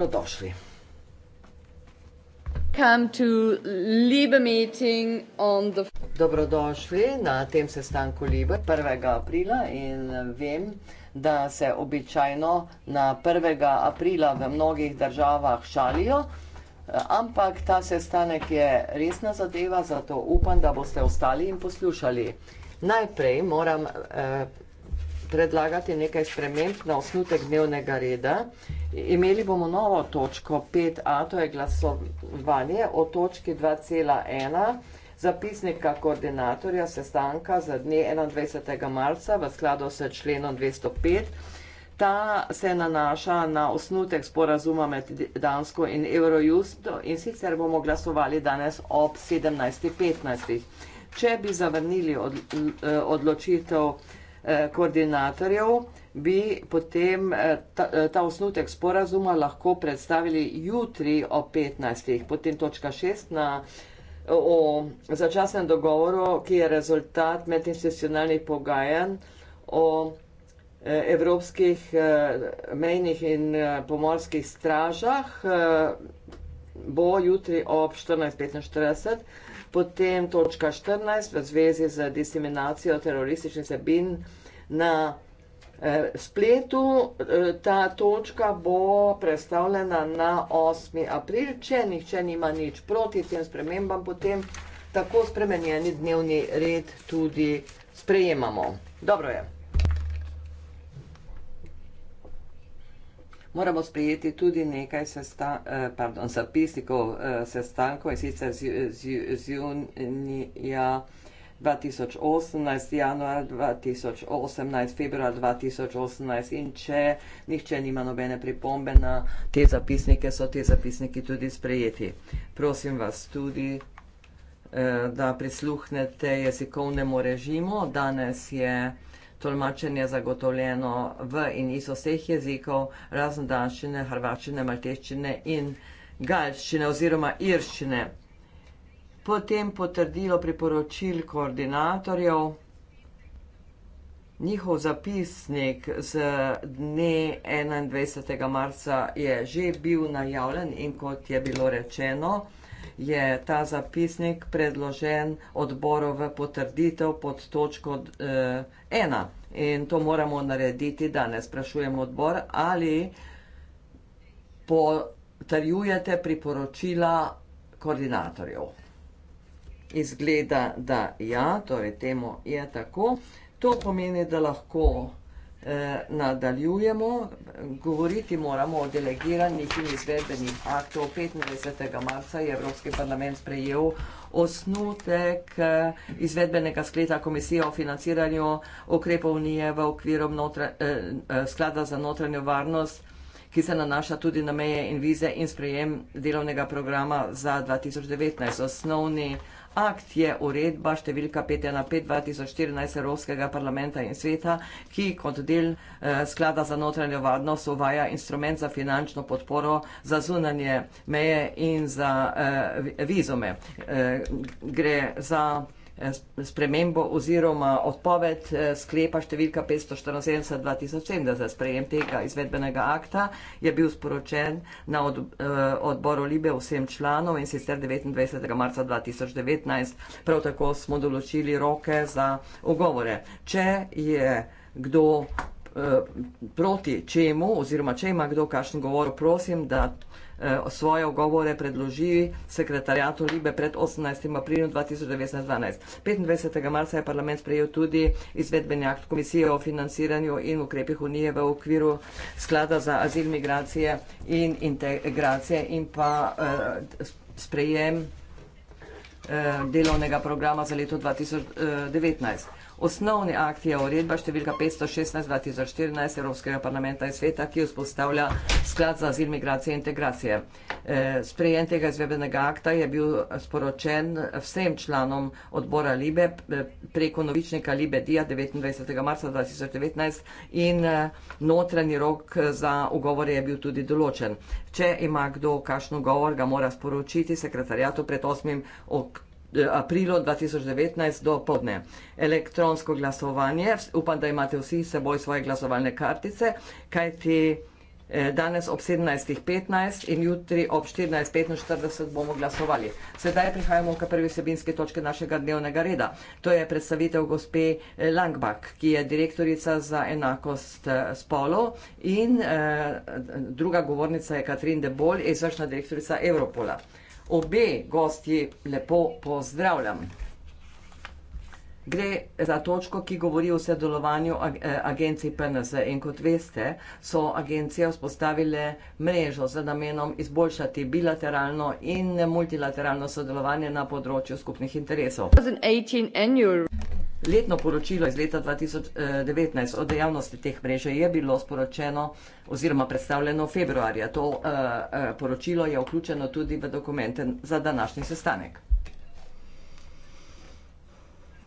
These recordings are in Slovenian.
Dobrodošli. Come to Libe meeting on the... Dobrodošli na tem sestanku Libe 1. aprila in vem, da se običajno na 1. aprila v mnogih državah šalijo, ampak ta sestanek je resna zadeva, zato upam, da boste ostali in poslušali. Najprej moram eh, predlagati nekaj sprememb na osnutek dnevnega reda Imeli bomo novo točko 5a, to je glasovanje o točki 2.1 zapisnika koordinatorja sestanka za dne 21. marca v skladu s členom 205. Ta se nanaša na osnutek sporazuma med Dansko in Eurojust in sicer bomo glasovali danes ob 17.15. Če bi zavrnili odločitev eh, koordinatorjev, bi potem eh, ta, eh, ta osnutek sporazuma lahko predstavili jutri o 15. Potem točka 6 na, o začasnem dogovoru, ki je rezultat medinstitucionalnih pogajanj o eh, evropskih mejnih in pomorskih stražah bo jutri ob 14.45, potem točka 14 v zvezi z diseminacijo terorističnih sebin na Eh, spletu. Eh, ta točka bo predstavljena na 8. april, če nihče nima nič proti tem spremembam, potem tako spremenjeni dnevni red tudi sprejemamo. Dobro je. Moramo sprejeti tudi nekaj sesta, eh, pardon, zapisnikov sestankov in sicer z, z, z junija 2018, januar 2018, februar 2018 in če nihče nima nobene pripombe na te zapisnike, so te zapisniki tudi sprejeti. Prosim vas tudi, eh, da prisluhnete jezikovnemu režimu. Danes je tolmačenje zagotovljeno v in iz vseh jezikov, razen danščine, hrvačine, malteščine in galščine oziroma irščine potem potrdilo priporočil koordinatorjev, njihov zapisnik z dne 21. marca je že bil najavljen in kot je bilo rečeno, je ta zapisnik predložen odboru v potrditev pod točko eh, ena. In to moramo narediti danes. Sprašujem odbor, ali potrjujete priporočila koordinatorjev izgleda, da ja, torej temu je tako. To pomeni, da lahko eh, nadaljujemo. Govoriti moramo o delegiranih in izvedbenih aktov. 25. marca je Evropski parlament sprejel osnutek eh, izvedbenega skleta Komisije o financiranju okrepov unije v okviru notra, eh, eh, sklada za notranjo varnost ki se nanaša tudi na meje in vize in sprejem delovnega programa za 2019. Osnovni Akt je uredba številka 515-2014 Evropskega parlamenta in sveta, ki kot del eh, sklada za notranjo varnost uvaja instrument za finančno podporo za zunanje meje in za eh, vizume. Eh, gre za Eh, spremembo oziroma odpoved eh, sklepa številka 574-2070. Sprejem tega izvedbenega akta je bil sporočen na od, eh, odboru Libe vsem članom in sicer 29. marca 2019. Prav tako smo določili roke za ogovore. Če je kdo proti čemu oziroma če ima kdo kakšen govor, prosim, da Eh, svoje ogovore predloži sekretarijatu Libe pred 18. aprilom 2019. 25. marca je parlament sprejel tudi izvedbeni akt komisije o financiranju in ukrepih unije v okviru sklada za azil, migracije in integracije in pa eh, sprejem eh, delovnega programa za leto 2019. Osnovni akt je uredba številka 516-2014 Evropskega parlamenta in sveta, ki vzpostavlja sklad za azil, migracije in integracije. Eh, sprejem tega izvedbenega akta je bil sporočen vsem članom odbora Libe eh, preko novičnika Libe Dija 29. marca 2019 in eh, notranji rok za ugovore je bil tudi določen. Če ima kdo kakšen ugovor, ga mora sporočiti sekretarjatu pred 8. oktober aprilu 2019 do podne. Elektronsko glasovanje, upam, da imate vsi s seboj svoje glasovalne kartice, kajti eh, danes ob 17.15 in jutri ob 14.45 bomo glasovali. Sedaj prihajamo k prvi vsebinski točki našega dnevnega reda. To je predstavitev gospe eh, Langbach, ki je direktorica za enakost eh, spolov in eh, druga govornica je Katrin Debol, izvršna direktorica Evropola. Eh, obe gostje lepo pozdravljam gre za točko, ki govori o sodelovanju ag eh, agencij PNS. In kot veste, so agencije vzpostavile mrežo z namenom izboljšati bilateralno in multilateralno sodelovanje na področju skupnih interesov. Letno poročilo iz leta 2019 eh, o dejavnosti teh mrež je bilo sporočeno oziroma predstavljeno februarja. To uh, uh, poročilo je vključeno tudi v dokumente za današnji sestanek.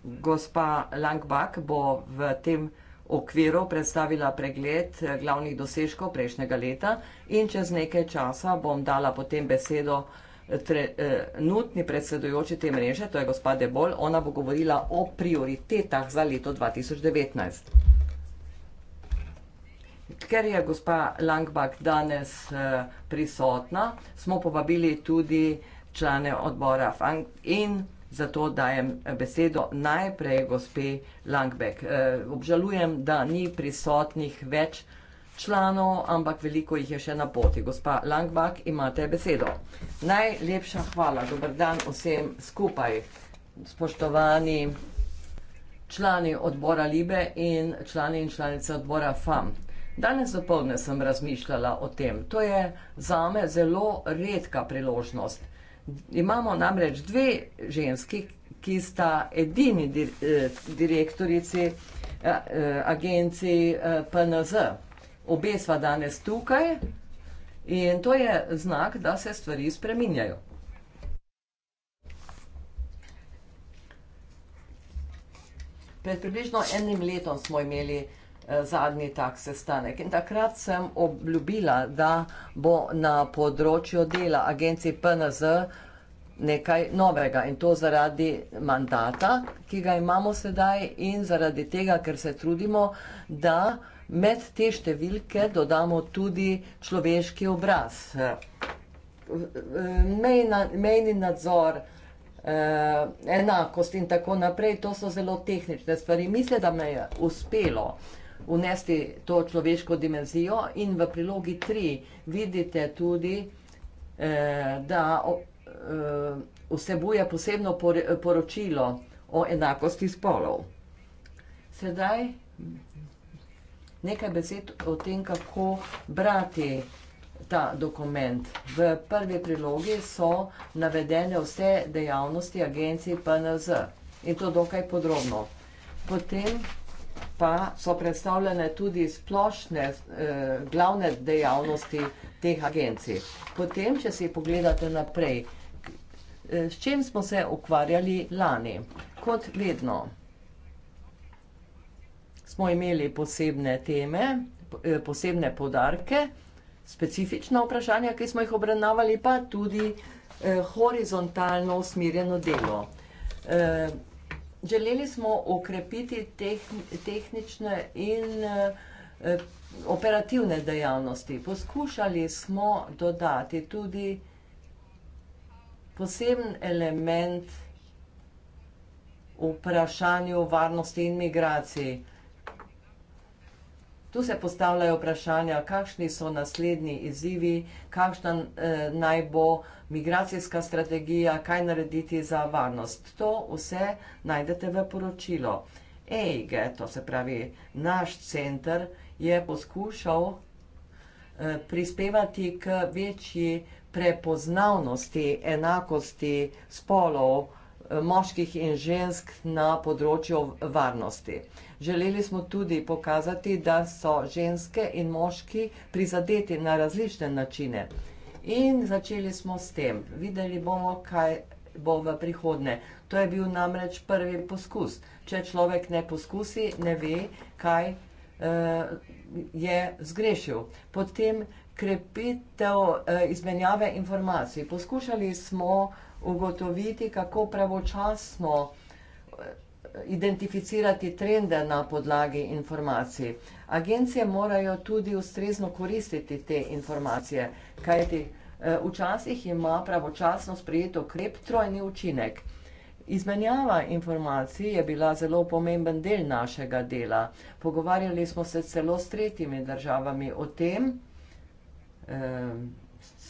Gospa Langbak bo v tem okviru predstavila pregled eh, glavnih dosežkov prejšnjega leta in čez nekaj časa bom dala potem besedo eh, trenutni eh, predsedujoči te mreže, to je gospa Debol, ona bo govorila o prioritetah za leto 2019. Ker je gospa Langbak danes prisotna, smo povabili tudi člane odbora in zato dajem besedo najprej gospe Langbek. Eh, obžalujem, da ni prisotnih več članov, ampak veliko jih je še na poti. Gospa Langbak, imate besedo. Najlepša hvala, dober dan vsem skupaj, spoštovani člani odbora Libe in člani in članice odbora FAM. Danes dopolne sem razmišljala o tem. To je zame zelo redka priložnost, Imamo namreč dve ženski, ki sta edini dir, eh, direktorici eh, eh agenciji eh, PNZ. Obe sva danes tukaj in to je znak, da se stvari spreminjajo. Pred približno enim letom smo imeli Eh, zadnji tak sestanek. In takrat sem obljubila, da bo na področju dela agencije PNZ nekaj novega in to zaradi mandata, ki ga imamo sedaj in zaradi tega, ker se trudimo, da med te številke dodamo tudi človeški obraz. Mejni nadzor, eh, enakost in tako naprej, to so zelo tehnične stvari. Mislim, da me je uspelo, da unesti to človeško dimenzijo. In v prilogi tri vidite tudi, eh, da eh, vsebuje posebno por, poročilo o enakosti spolov. Sedaj nekaj besed o tem, kako brati ta dokument. V prvi prilogi so navedene vse dejavnosti agencij PNZ in to dokaj podrobno. Potem pa so predstavljene tudi splošne eh, glavne dejavnosti teh agencij. Potem, če si pogledate naprej, eh, s čim smo se ukvarjali lani, kot vedno, smo imeli posebne teme, eh, posebne podarke, specifična vprašanja, ki smo jih obravnavali, pa tudi eh, horizontalno usmerjeno delo. Eh, Želeli smo okrepiti tehnične in eh, operativne dejavnosti. Poskušali smo dodati tudi poseben element vprašanju varnosti in migraciji. Tu se postavljajo vprašanja, kakšni so naslednji izzivi, kakšna eh, naj bo migracijska strategija, kaj narediti za varnost. To vse najdete v poročilu. EIGE, to se pravi naš center, je poskušal eh, prispevati k večji prepoznavnosti enakosti spolov eh, moških in žensk na področju varnosti. Želeli smo tudi pokazati, da so ženske in moški prizadeti na različne načine. In začeli smo s tem. Videli bomo, kaj bo v prihodne. To je bil namreč prvi poskus. Če človek ne poskusi, ne ve, kaj uh, je zgrešil. Potem krepitev uh, izmenjave informacij. Poskušali smo ugotoviti, kako pravočasno uh, identificirati trende na podlagi informacij. Agencije morajo tudi ustrezno koristiti te informacije, kajti eh, včasih ima pravočasno sprejeto krep trojni učinek. Izmenjava informacij je bila zelo pomemben del našega dela. Pogovarjali smo se celo s tretjimi državami o tem, eh,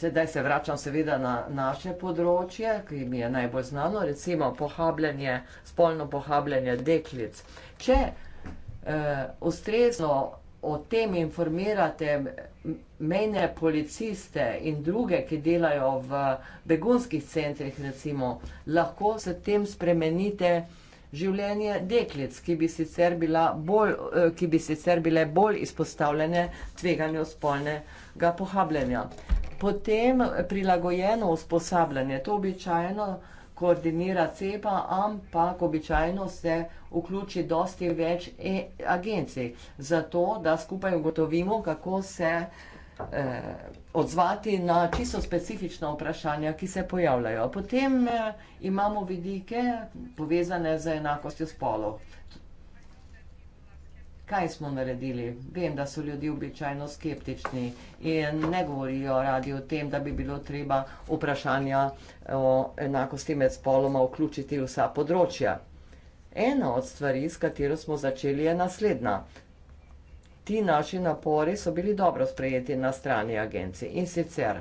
Sedaj se vračam seveda na naše področje, ki mi je najbolj znano, recimo pohabljanje, spolno pohabljanje deklic. Če eh, ustrezno o tem informirate mejne policiste in druge, ki delajo v begunskih centrih, recimo, lahko s tem spremenite življenje deklic, ki bi sicer, bila bolj, eh, ki bi sicer bile bolj izpostavljene tveganju spolne pohabljanje ga pohabljanja. Potem prilagojeno usposabljanje, to običajno koordinira CEPA, ampak običajno se vključi dosti več e agencij, zato da skupaj ugotovimo, kako se e, odzvati na čisto specifična vprašanja, ki se pojavljajo. Potem e, imamo vidike povezane z enakostjo spolov kaj smo naredili. Vem, da so ljudje običajno skeptični in ne govorijo radi o tem, da bi bilo treba vprašanja o enakosti med spoloma vključiti vsa področja. Ena od stvari, s katero smo začeli, je naslednja. Ti naši napori so bili dobro sprejeti na strani agencije in sicer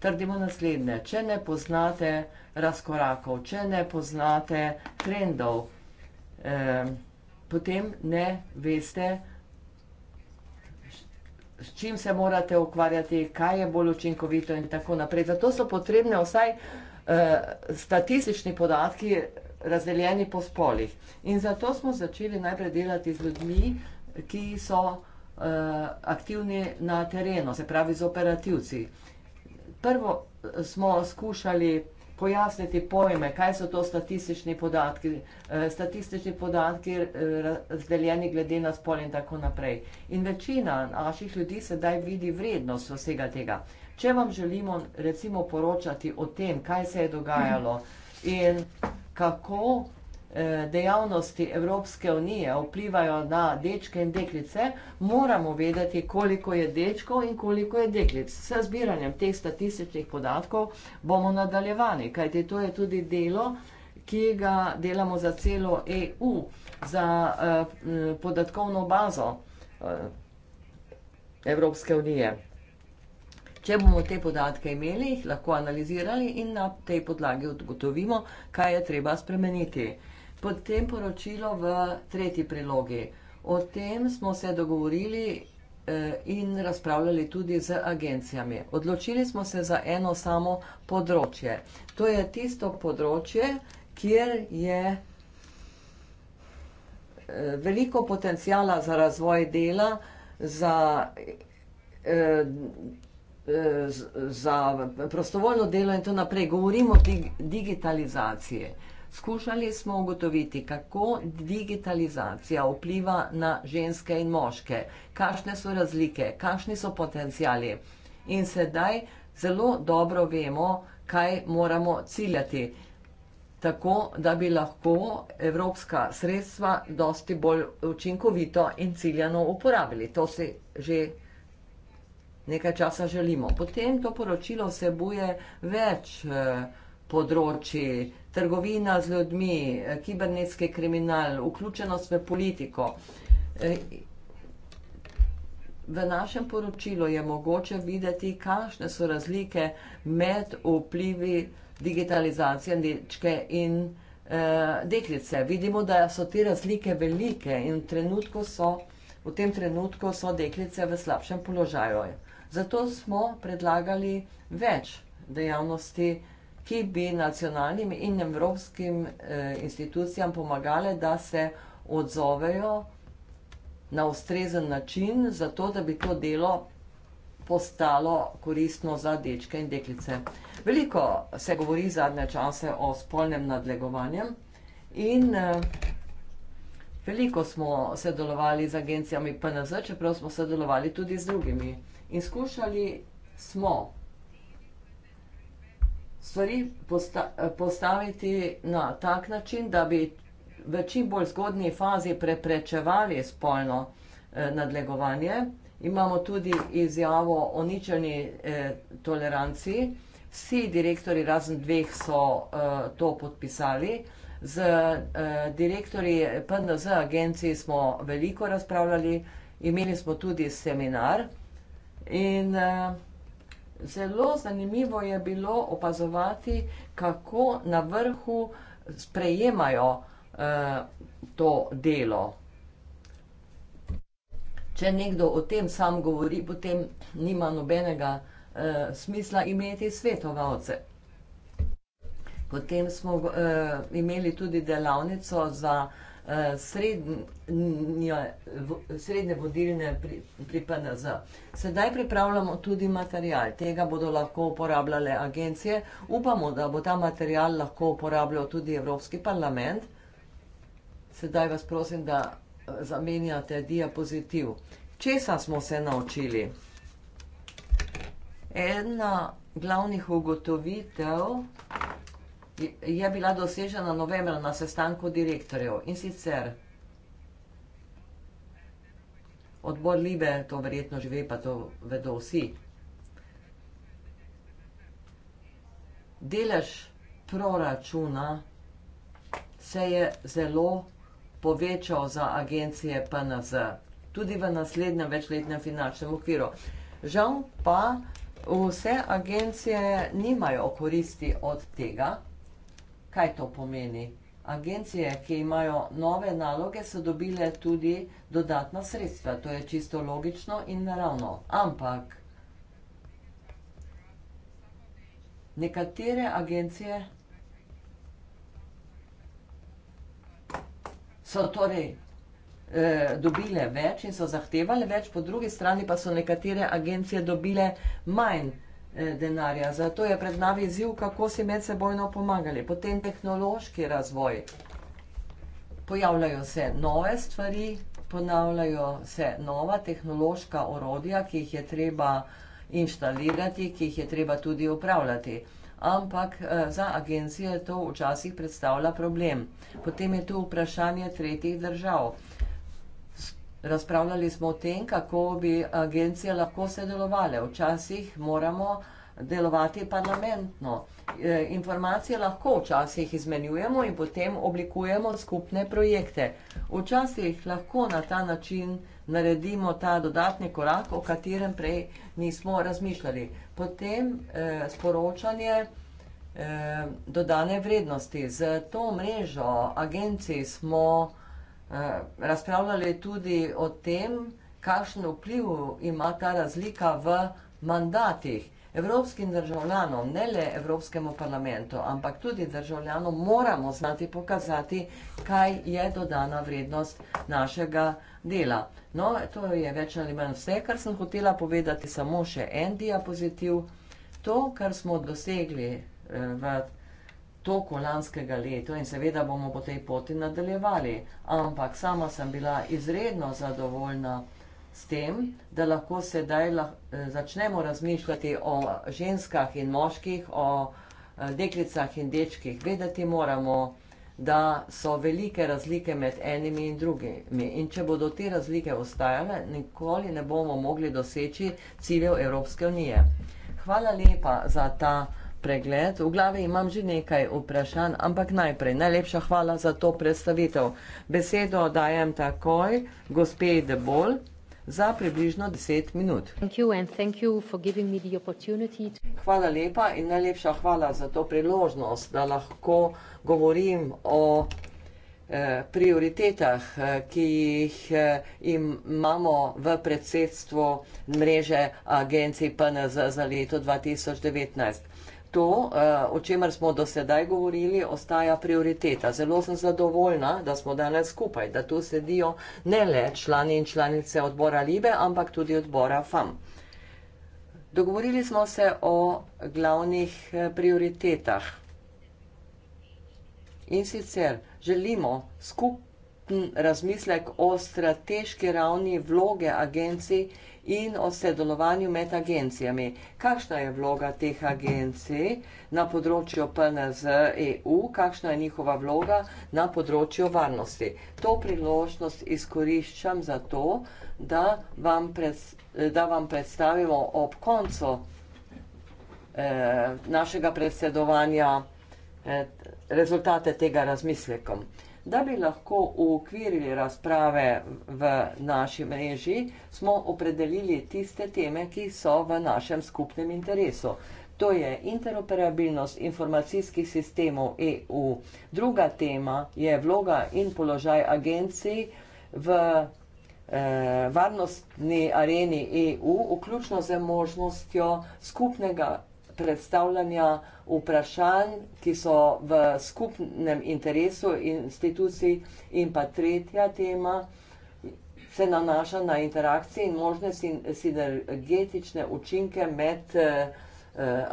trdimo naslednje, če ne poznate razkorakov, če ne poznate trendov, eh, potem ne veste, s čim se morate ukvarjati, kaj je bolj učinkovito in tako naprej. Zato so potrebne vsaj uh, statistični podatki razdeljeni po spolih. In zato smo začeli najprej delati z ljudmi, ki so uh, aktivni na terenu, se pravi z operativci. Prvo eh, smo skušali pojasniti pojme, kaj so to statistični podatki, eh, statistični podatki eh, razdeljeni glede na spol in tako naprej. In večina naših ljudi sedaj vidi vrednost vsega tega. Če vam želimo recimo poročati o tem, kaj se je dogajalo in kako Eh, dejavnosti Evropske unije vplivajo na dečke in deklice, moramo vedeti, koliko je dečkov in koliko je deklic. S zbiranjem teh statističnih podatkov bomo nadaljevali, kajte to je tudi delo, ki ga delamo za celo EU, za eh, podatkovno bazo eh, Evropske unije. Če bomo te podatke imeli, jih lahko analizirali in na tej podlagi odgotovimo, kaj je treba spremeniti potem poročilo v tretji prilogi. O tem smo se dogovorili eh, in razpravljali tudi z agencijami. Odločili smo se za eno samo področje. To je tisto področje, kjer je eh, veliko potencijala za razvoj dela, za, eh, za prostovoljno delo in to naprej. Govorimo o digitalizaciji. Skušali smo ugotoviti, kako digitalizacija vpliva na ženske in moške, kakšne so razlike, kakšni so potencijali. In sedaj zelo dobro vemo, kaj moramo ciljati, tako da bi lahko evropska sredstva dosti bolj učinkovito in ciljano uporabili. To si že nekaj časa želimo. Potem to poročilo vsebuje več eh, področji trgovina z ljudmi, eh, kibernetski kriminal, vključenost v politiko. Eh, v našem poročilu je mogoče videti, kakšne so razlike med vplivi digitalizacije dečke in eh, deklice. Vidimo, da so te razlike velike in v, trenutku so, v tem trenutku so deklice v slabšem položaju. Zato smo predlagali več dejavnosti, ki bi nacionalnim in evropskim eh, institucijam pomagale, da se odzovejo na ustrezen način, zato da bi to delo postalo koristno za dečke in deklice. Veliko se govori zadnje čase o spolnem nadlegovanju in eh, veliko smo sodelovali z agencijami PNZ, čeprav smo sodelovali tudi z drugimi in skušali smo stvari posta, postaviti na tak način, da bi v čim bolj zgodnji fazi preprečevali spolno eh, nadlegovanje. Imamo tudi izjavo o ničelni eh, toleranci. Vsi direktori, razen dveh, so eh, to podpisali. Z eh, direktori PNZ agenciji smo veliko razpravljali, imeli smo tudi seminar in eh, Zelo zanimivo je bilo opazovati, kako na vrhu sprejemajo eh, to delo. Če nekdo o tem sam govori, potem nima nobenega eh, smisla imeti svetovalce. Potem smo eh, imeli tudi delavnico za eh, Eh, srednje, srednje vodilne pripada za. Sedaj pripravljamo tudi material, tega bodo lahko uporabljale agencije. Upamo, da bo ta material lahko uporabljal tudi Evropski parlament. Sedaj vas prosim, da eh, zamenjate diapozitiv. Česa smo se naučili? Ena glavnih ugotovitev je bila dosežena novembra na sestanku direktorjev in sicer odbor Libe, to verjetno že ve, pa to vedo vsi. Delež proračuna se je zelo povečal za agencije PNZ, tudi v naslednjem večletnem finančnem okviru. Žal pa vse agencije nimajo koristi od tega, kaj to pomeni. Agencije, ki imajo nove naloge, so dobile tudi dodatna sredstva. To je čisto logično in naravno. Ampak nekatere agencije so torej eh, dobile več in so zahtevali več, po drugi strani pa so nekatere agencije dobile manj. Eh, denarja. Zato je pred nami izziv, kako si med sebojno pomagali. Potem tehnološki razvoj. Pojavljajo se nove stvari, ponavljajo se nova tehnološka orodja, ki jih je treba inštalirati, ki jih je treba tudi upravljati. Ampak eh, za agencije to včasih predstavlja problem. Potem je tu vprašanje tretjih držav razpravljali smo o tem, kako bi agencije lahko sodelovale. Včasih moramo delovati parlamentno. E, informacije lahko včasih izmenjujemo in potem oblikujemo skupne projekte. Včasih lahko na ta način naredimo ta dodatni korak, o katerem prej nismo razmišljali. Potem eh, sporočanje eh, dodane vrednosti. Z to mrežo agencij smo eh, Eh, razpravljali tudi o tem, kakšen vpliv ima ta razlika v mandatih. Evropskim državljanom, ne le Evropskemu parlamentu, ampak tudi državljanom moramo znati pokazati, kaj je dodana vrednost našega dela. No, to je več ali manj vse, kar sem hotela povedati, samo še en diapozitiv. To, kar smo dosegli eh, v toku lanskega leta in seveda bomo po tej poti nadaljevali. Ampak sama sem bila izredno zadovoljna s tem, da lahko sedaj lah, eh, začnemo razmišljati o ženskah in moških, o eh, deklicah in dečkih. Vedeti moramo, da so velike razlike med enimi in drugimi. In če bodo te razlike ostajale, nikoli ne bomo mogli doseči ciljev Evropske unije. Hvala lepa za ta pregled. V glavi imam že nekaj vprašanj, ampak najprej najlepša hvala za to predstavitev. Besedo dajem takoj gospe Debol za približno 10 minut. Thank you and thank you me the hvala lepa in najlepša hvala za to priložnost, da lahko govorim o eh, prioritetah, eh, ki jih eh, imamo v predsedstvu mreže agencij PNZ za leto 2019. To, eh, o čemer smo do sedaj govorili, ostaja prioriteta. Zelo sem zadovoljna, da smo danes skupaj, da tu sedijo ne le člani in članice odbora Libe, ampak tudi odbora FAM. Dogovorili smo se o glavnih eh, prioritetah. In sicer želimo skupen razmislek o strateški ravni vloge agencij in o sodelovanju med agencijami. Kakšna je vloga teh agencij na področju PNZ EU, kakšna je njihova vloga na področju varnosti? To priložnost izkoriščam za to, da vam, pred, da vam predstavimo ob koncu eh, našega predsedovanja eh, rezultate tega razmislekom da bi lahko uokvirili razprave v naši mreži, smo opredelili tiste teme, ki so v našem skupnem interesu. To je interoperabilnost informacijskih sistemov EU. Druga tema je vloga in položaj agencij v eh, varnostni areni EU, vključno z možnostjo skupnega predstavljanja vprašanj, ki so v skupnem interesu institucij, in pa tretja tema se nanaša na interakcije in možne sinergetične učinke med eh,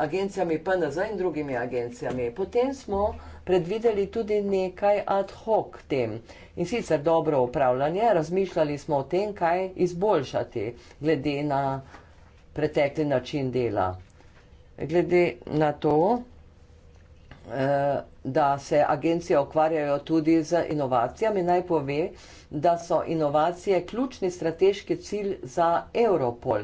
agencijami PNZ in drugimi agencijami. Potem smo predvideli tudi nekaj ad hoc tem in sicer dobro upravljanje, razmišljali smo o tem, kaj izboljšati glede na pretekli način dela glede na to, eh, da se agencije ukvarjajo tudi z inovacijami, naj pove, da so inovacije ključni strateški cilj za Europol.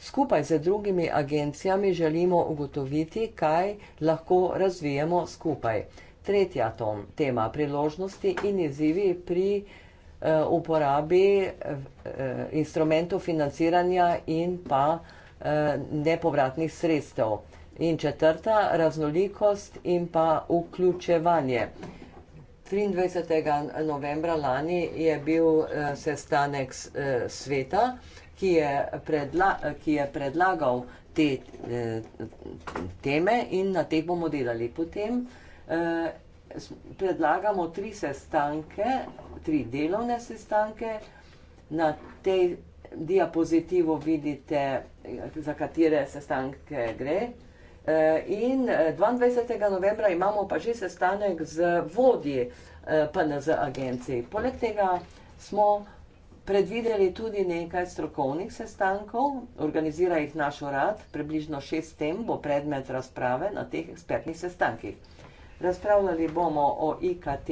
Skupaj z drugimi agencijami želimo ugotoviti, kaj lahko razvijemo skupaj. Tretja tom, tema priložnosti in izzivi pri eh, uporabi eh, instrumentov financiranja in pa Eh, nepovratnih sredstev. In četrta, raznolikost in pa vključevanje. 23. novembra lani je bil eh, sestanek eh, sveta, ki je, predla, ki je predlagal te teme in na teh bomo delali potem. Predlagamo tri sestanke, tri delovne sestanke. Na tej diapozitivu vidite za katere sestanke gre. Eh, in 22. Eh, novembra imamo pa že sestanek z vodji eh, PNZ agencij. Poleg tega smo predvideli tudi nekaj strokovnih sestankov, organizira jih naš urad, približno šest tem bo predmet razprave na teh ekspertnih sestankih. Razpravljali bomo o IKT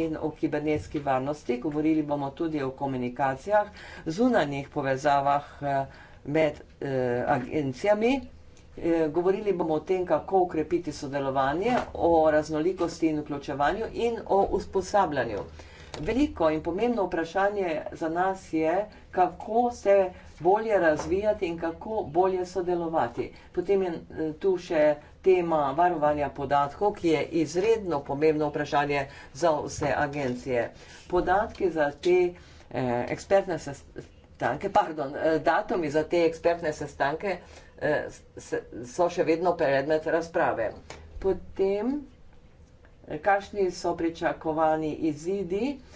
in o kibernetski varnosti, govorili bomo tudi o komunikacijah, zunanjih povezavah med eh, agencijami. Eh, govorili bomo o tem, kako ukrepiti sodelovanje, o raznolikosti in vključevanju in o usposabljanju. Veliko in pomembno vprašanje za nas je, kako se bolje razvijati in kako bolje sodelovati. Potem je eh, tu še tema varovanja podatkov, ki je izredno pomembno vprašanje za vse agencije. Podatki za te eh, ekspertne sestavljanje sestanke, pardon, eh, datumi za te ekspertne sestanke eh, so še vedno predmet razprave. Potem, eh, kakšni so pričakovani izidi? Iz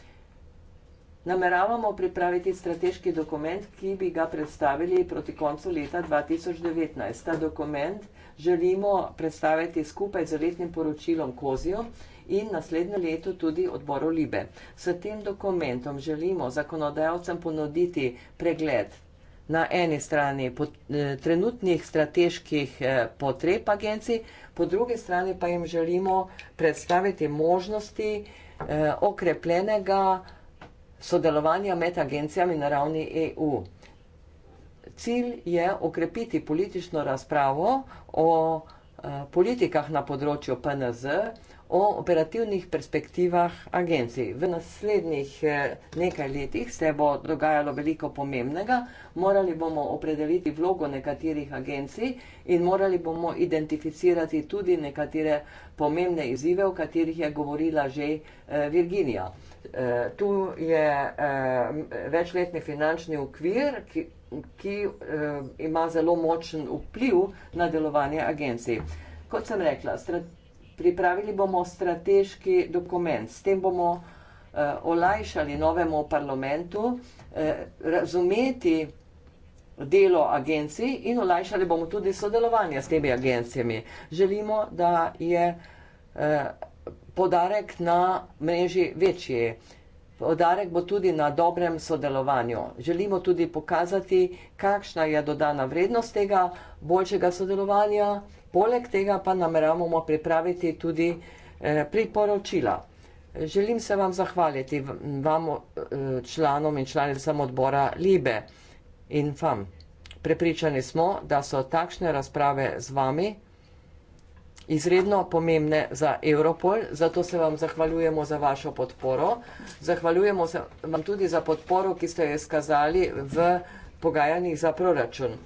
nameravamo pripraviti strateški dokument, ki bi ga predstavili proti koncu leta 2019. Ta dokument želimo predstaviti skupaj z letnim poročilom Kozijo in naslednje leto tudi odboru Libe. S tem dokumentom želimo zakonodajalcem ponuditi pregled na eni strani pot, eh, trenutnih strateških eh, potreb agencij, po drugi strani pa jim želimo predstaviti možnosti eh, okrepljenega eh, sodelovanja med agencijami na ravni EU. Cilj je okrepiti politično razpravo o eh, politikah na področju PNZ, o operativnih perspektivah agencij. V naslednjih eh, nekaj letih se bo dogajalo veliko pomembnega, morali bomo opredeliti vlogo nekaterih agencij in morali bomo identificirati tudi nekatere pomembne izzive, o katerih je govorila že eh, Virginija. Eh, tu je večletni finančni ukvir, ki, ki ima zelo močen vpliv na delovanje agencij. Kot sem rekla, strategija pripravili bomo strateški dokument. S tem bomo eh, olajšali novemu parlamentu eh, razumeti delo agencij in olajšali bomo tudi sodelovanje s temi agencijami. Želimo, da je eh, podarek na mreži večji. Podarek bo tudi na dobrem sodelovanju. Želimo tudi pokazati, kakšna je dodana vrednost tega boljšega sodelovanja. Poleg tega pa nameravamo pripraviti tudi eh, priporočila. Želim se vam zahvaliti, vam eh, članom in članicam odbora Libe in vam. Prepričani smo, da so takšne razprave z vami izredno pomembne za Europol, zato se vam zahvaljujemo za vašo podporo. Zahvaljujemo se vam tudi za podporo, ki ste jo izkazali v pogajanjih za proračun.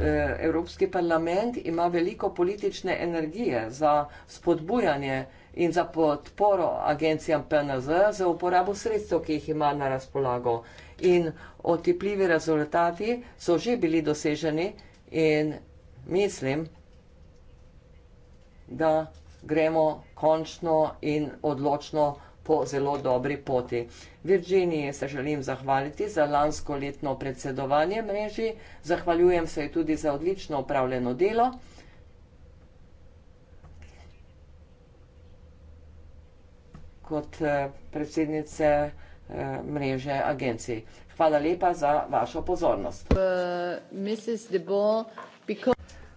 Eh, Evropski parlament ima veliko politične energije za spodbujanje in za podporo agencijam PNZ za uporabo sredstev, ki jih ima na razpolago. In otipljivi rezultati so že bili doseženi in mislim, da gremo končno in odločno po zelo dobri poti. Virginiji se želim zahvaliti za lansko letno predsedovanje mreži, zahvaljujem se ji tudi za odlično upravljeno delo. kot eh, predsednice eh, mreže agencij. Hvala lepa za vašo pozornost. Eh,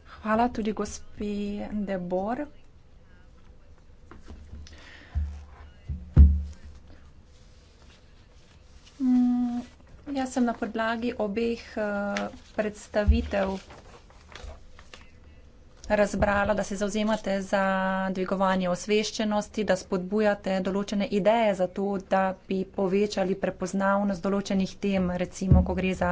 Hvala tudi gospi Debor. Jaz sem na podlagi obeh uh, predstavitev razbrala, da se zauzemate za dvigovanje osveščenosti, da spodbujate določene ideje za to, da bi povečali prepoznavnost določenih tem, recimo, ko gre za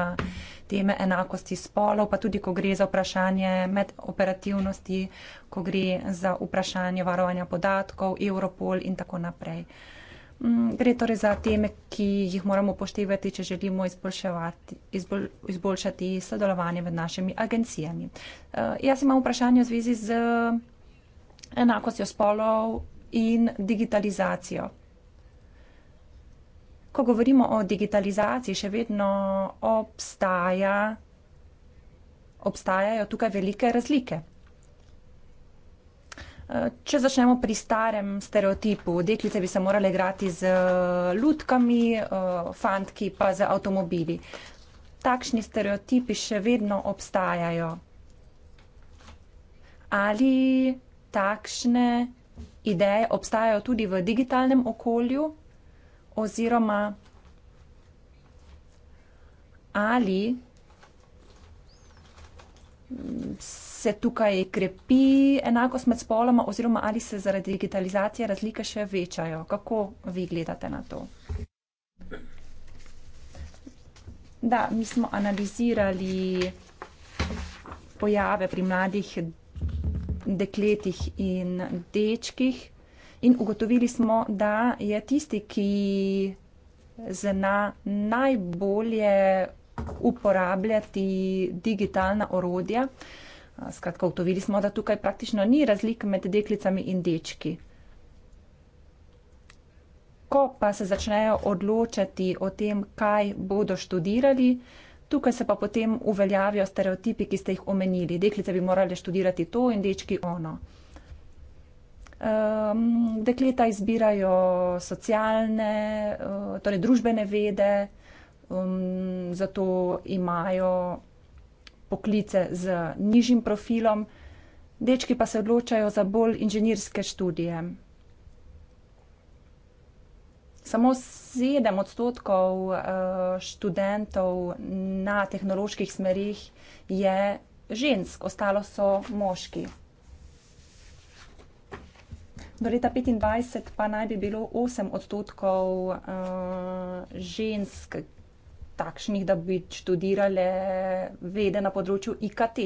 teme enakosti spolov, pa tudi, ko gre za vprašanje medoperativnosti, ko gre za vprašanje varovanja podatkov, Europol in tako naprej. Uh, Mm, gre torej za teme, ki jih moramo poštevati, če želimo izbol, izboljšati sodelovanje med našimi agencijami. Eh, jaz imam vprašanje v zvezi z enakostjo spolov in digitalizacijo. Ko govorimo o digitalizaciji, še vedno obstaja, obstajajo tukaj velike razlike. Če začnemo pri starem stereotipu, deklice bi se morale igrati z eh, lutkami, eh, fantki pa z avtomobili. Takšni stereotipi še vedno obstajajo. Ali takšne ideje obstajajo tudi v digitalnem okolju oziroma ali se tukaj krepi enakost med spoloma oziroma ali se zaradi digitalizacije razlike še večajo? Kako vi gledate na to? Da, mi smo analizirali pojave pri mladih dekletih in dečkih in ugotovili smo, da je tisti, ki zna najbolje uporabljati digitalna orodja. Skratka, ugotovili smo, da tukaj praktično ni razlik med deklicami in dečki. Ko pa se začnejo odločati o tem, kaj bodo študirali, tukaj se pa potem uveljavijo stereotipi, ki ste jih omenili. Deklice bi morale študirati to in dečki ono. Um, dekleta izbirajo socialne, uh, torej družbene vede, uh, um, zato imajo poklice z nižjim profilom, dečki pa se odločajo za bolj inženirske študije. Samo sedem odstotkov uh, študentov na tehnoloških smerih je žensk, ostalo so moški. Do leta 2025 pa naj bi bilo 8 odstotkov uh, žensk, takšnih, da bi študirale vede na področju IKT.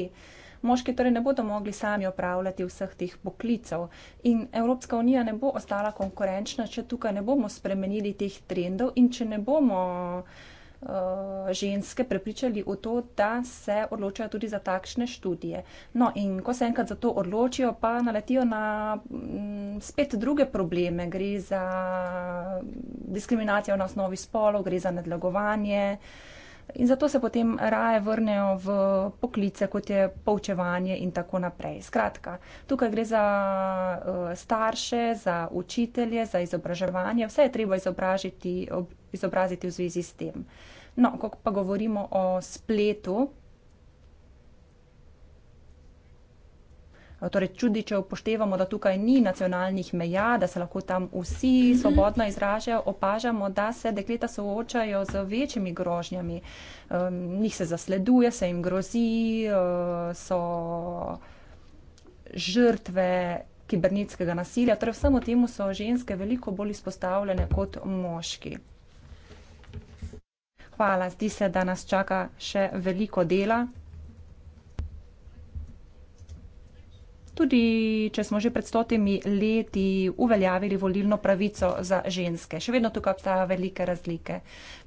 Moški torej ne bodo mogli sami opravljati vseh teh poklicev in Evropska unija ne bo ostala konkurenčna, če tukaj ne bomo spremenili teh trendov in če ne bomo uh, Eh, ženske prepričali v to, da se odločajo tudi za takšne študije. No, in ko se enkrat za to odločijo, pa naletijo na mm, spet druge probleme. Gre za diskriminacijo na osnovi spolov, gre za nadlegovanje. In zato se potem raje vrnejo v poklice, kot je poučevanje in tako naprej. Skratka, tukaj gre za eh, starše, za učitelje, za izobraževanje. Vse je treba izobražiti izobraziti v zvezi s tem. No, ko pa govorimo o spletu, torej čudi, če upoštevamo, da tukaj ni nacionalnih meja, da se lahko tam vsi mhm. svobodno izražajo, opažamo, da se dekleta soočajo z večjimi grožnjami. Um, njih se zasleduje, se jim grozi, uh, so žrtve kibernetskega nasilja, torej vsemu temu so ženske veliko bolj izpostavljene kot moški. Hvala, zdi se, da nas čaka še veliko dela. Tudi če smo že pred stotimi leti uveljavili volilno pravico za ženske, še vedno tukaj obstajajo velike razlike.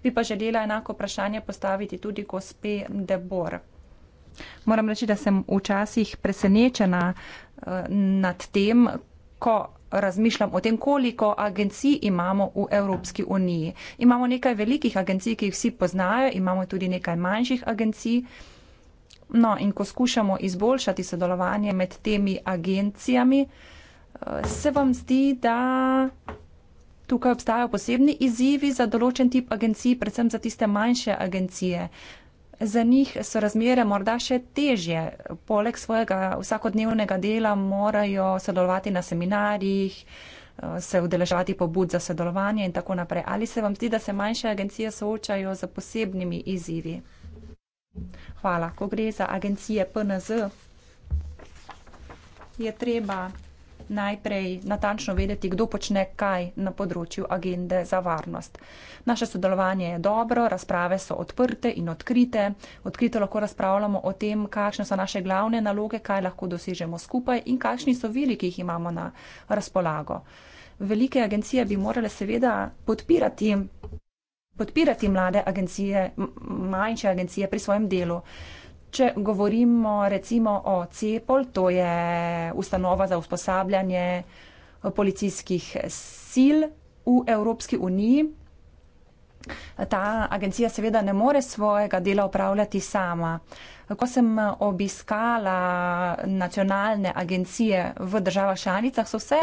Bi pa želela enako vprašanje postaviti tudi gospe Debor. Moram reči, da sem včasih presenečena eh, nad tem, ko razmišljam o tem, koliko agencij imamo v Evropski uniji. Imamo nekaj velikih agencij, ki jih vsi poznajo, imamo tudi nekaj manjših agencij. No, in ko skušamo izboljšati sodelovanje med temi agencijami, eh, se vam zdi, da tukaj obstajajo posebni izzivi za določen tip agencij, predvsem za tiste manjše agencije za njih so razmere morda še težje. Poleg svojega vsakodnevnega dela morajo sodelovati na seminarjih, eh, se udeleževati pobud za sodelovanje in tako naprej. Ali se vam zdi, da se manjše agencije soočajo z posebnimi izzivi? Hvala. Ko gre za agencije PNZ, je treba najprej natančno vedeti, kdo počne kaj na področju agende za varnost. Naše sodelovanje je dobro, razprave so odprte in odkrite. Odkrito lahko razpravljamo o tem, kakšne so naše glavne naloge, kaj lahko dosežemo skupaj in kakšni so viri, ki jih imamo na razpolago. Velike agencije bi morale seveda podpirati, podpirati mlade agencije, manjše agencije pri svojem delu. Če govorimo recimo o CEPOL, to je ustanova za usposabljanje policijskih sil v Evropski uniji, ta agencija seveda ne more svojega dela upravljati sama. Ko sem obiskala nacionalne agencije v državah članicah, so vse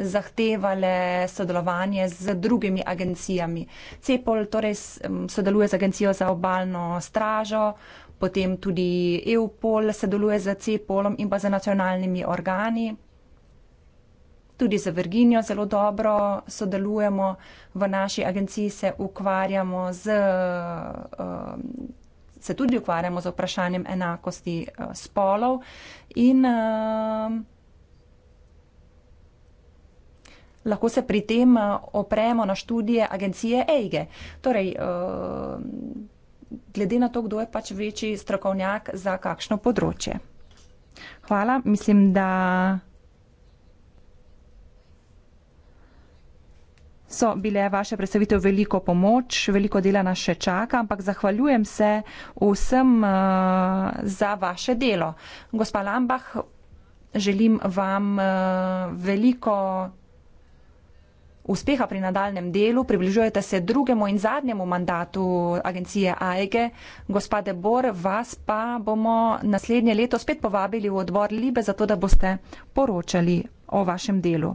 zahtevale sodelovanje z drugimi agencijami. CEPOL torej sodeluje z agencijo za obalno stražo, potem tudi EUPOL se deluje z CEPOLom in pa z nacionalnimi organi. Tudi z Virginijo zelo dobro sodelujemo, v naši agenciji se ukvarjamo z. Um, Se tudi ukvarjamo z vprašanjem enakosti uh, spolov, in uh, lahko se pri tem uh, opremo na študije agencije EIGE. Torej, uh, glede na to, kdo je pač večji strokovnjak za kakšno področje. Hvala, mislim, da so bile vaše predstavitev veliko pomoč, veliko dela nas še čaka, ampak zahvaljujem se vsem uh, za vaše delo. Gospa Lambah, želim vam uh, veliko uspeha pri nadaljem delu, približujete se drugemu in zadnjemu mandatu agencije AEG. Gospode Bor, vas pa bomo naslednje leto spet povabili v odbor Libe, zato da boste poročali o vašem delu.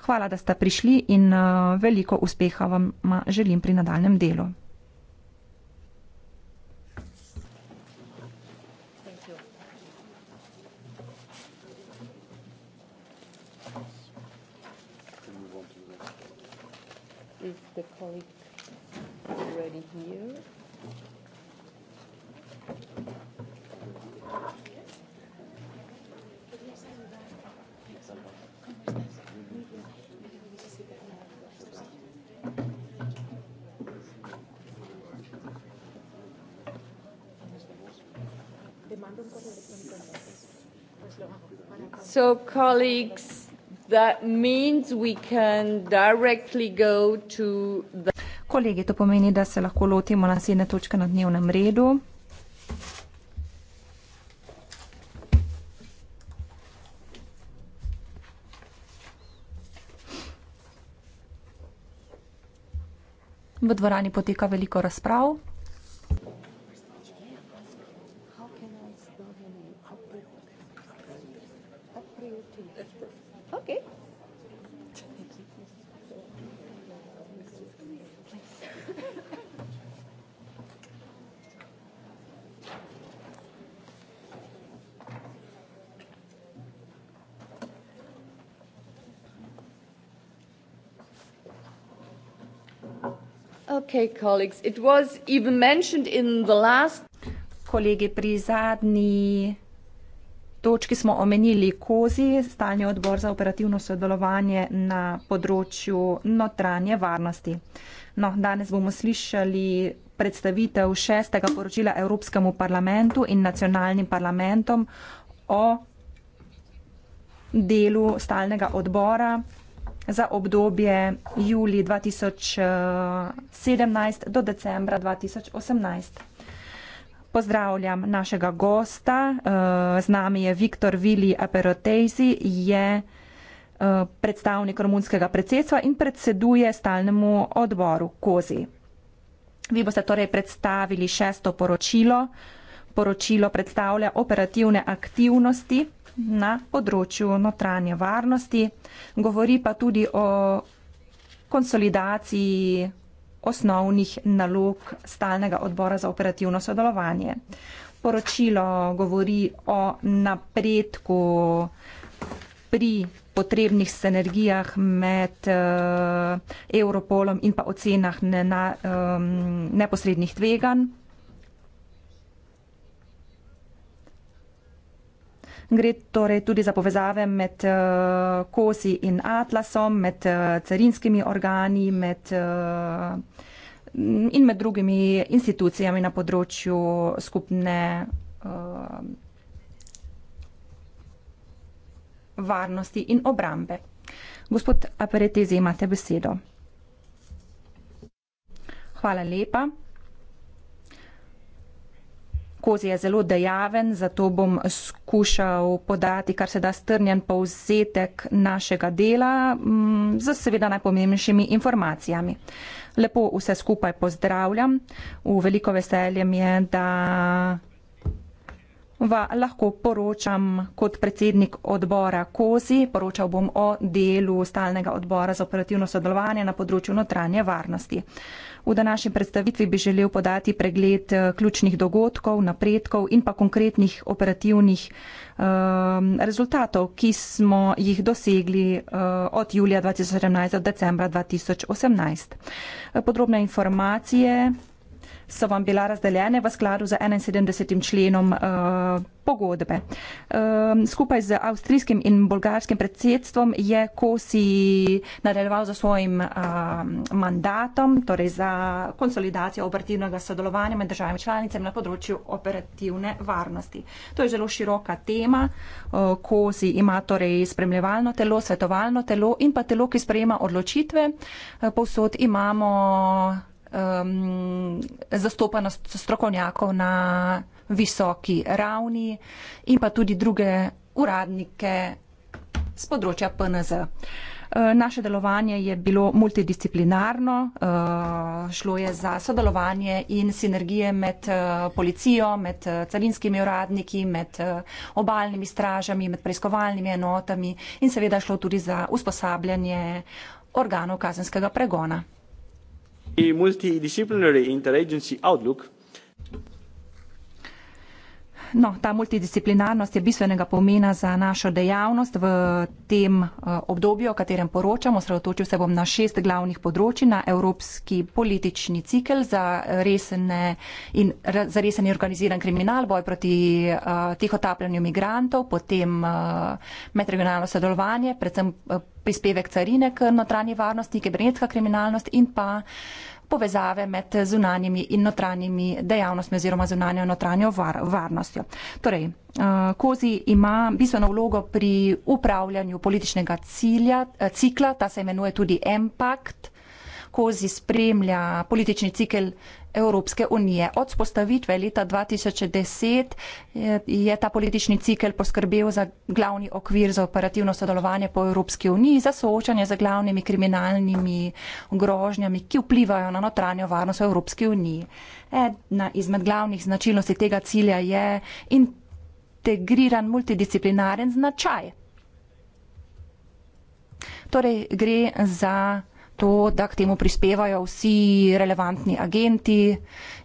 Hvala, da ste prišli in eh, veliko uspeha vam želim pri nadaljem delu. the colleague already here. So, colleagues, That means we can directly go to the... Kolegi, to pomeni, da se lahko lotimo naslednje točke na dnevnem redu. V dvorani poteka veliko razprav. Okay, colleagues, it was even mentioned in the last. Kolegi, pri zadnji točki smo omenili kozi, stalni odbor za operativno sodelovanje na področju notranje varnosti. No, danes bomo slišali predstavitev šestega poročila Evropskemu parlamentu in nacionalnim parlamentom o delu stalnega odbora za obdobje juli 2017 eh, do decembra 2018. Pozdravljam našega gosta, eh, z nami je Viktor Vili Aperotezi, je eh, predstavnik romunskega predsedstva in predseduje stalnemu odboru Kozi. Vi boste torej predstavili šesto poročilo. Poročilo predstavlja operativne aktivnosti na področju notranje varnosti, govori pa tudi o konsolidaciji osnovnih nalog stalnega odbora za operativno sodelovanje. Poročilo govori o napredku pri potrebnih sinergijah med uh, Europolom in pa ocenah ne, na, um, neposrednih tveganj. Gre torej tudi za povezave med uh, kosi in atlasom, med uh, carinskimi organi med, uh, in med drugimi institucijami na področju skupne uh, varnosti in obrambe. Gospod Aperetezi, imate besedo. Hvala lepa. Kozi je zelo dejaven, zato bom skušal podati kar se da strnjen povzetek našega dela m, mm, z seveda najpomembnejšimi informacijami. Lepo vse skupaj pozdravljam. V veliko veselje mi je, da va lahko poročam kot predsednik odbora Kozi. Poročal bom o delu stalnega odbora za operativno sodelovanje na področju notranje varnosti. V današnji predstavitvi bi želel podati pregled eh, ključnih dogodkov, napredkov in pa konkretnih operativnih um, rezultatov, ki smo jih dosegli uh, od julija 2017 do decembra 2018. Eh, podrobne informacije so vam bila razdeljene v skladu z 71. členom uh, pogodbe. Um, skupaj z avstrijskim in bolgarskim predsedstvom je Kosi nadaljeval za svojim uh, mandatom, torej za konsolidacijo operativnega sodelovanja med državami članicami na področju operativne varnosti. To je zelo široka tema. Uh, Kosi ima torej spremljevalno telo, svetovalno telo in pa telo, ki sprejema odločitve. Uh, povsod imamo um, zastopanost strokovnjakov na visoki ravni in pa tudi druge uradnike z področja uh, PNZ. Naše delovanje je bilo multidisciplinarno, uh, šlo je za sodelovanje in sinergije med uh, policijo, med carinskimi uradniki, med obaljnimi stražami, med preiskovalnimi enotami in seveda šlo tudi za usposabljanje organov kazenskega pregona a e multidisciplinary interagency outlook No, ta multidisciplinarnost je bistvenega pomena za našo dejavnost v tem eh, obdobju, o katerem poročamo. Sredotočil se bom na šest glavnih področji, na evropski politični cikl za resene in za resen organiziran kriminal, boj proti uh, eh, tihotapljanju migrantov, potem uh, medregionalno sodelovanje, predvsem uh, prispevek carine k notranji varnosti, kibernetska kriminalnost in pa uh, povezave med zunanjimi in notranjimi dejavnostmi oziroma zunanjo in notranjo var varnostjo. Torej, eh, Kozi ima bistveno vlogo pri upravljanju političnega cilja, eh, cikla, ta se imenuje tudi M-pakt. Kozi spremlja politični cikel Evropske unije. Od spostavitve leta 2010 je, eh, je ta politični cikl poskrbel za glavni okvir za operativno sodelovanje po Evropski uniji, za soočanje z glavnimi kriminalnimi grožnjami, ki vplivajo na notranjo varnost v Evropski uniji. Ena izmed glavnih značilnosti tega cilja je integriran multidisciplinaren značaj. Torej gre za to, da k temu prispevajo vsi relevantni agenti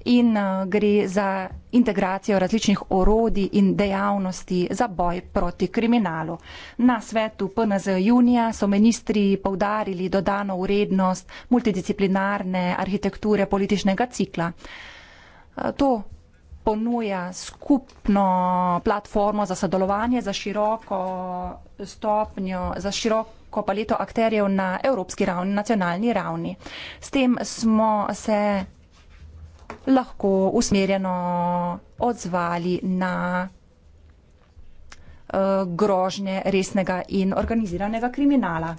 in eh, gre za integracijo različnih orodij in dejavnosti za boj proti kriminalu. Na svetu PNZ junija so ministri povdarili dodano urednost multidisciplinarne arhitekture političnega cikla. Eh, to ponuja skupno platformo za sodelovanje, za široko stopnjo, za široko ko paleto akterjev na evropski ravni, nacionalni ravni. S tem smo se lahko usmerjeno odzvali na uh, grožnje resnega in organiziranega kriminala.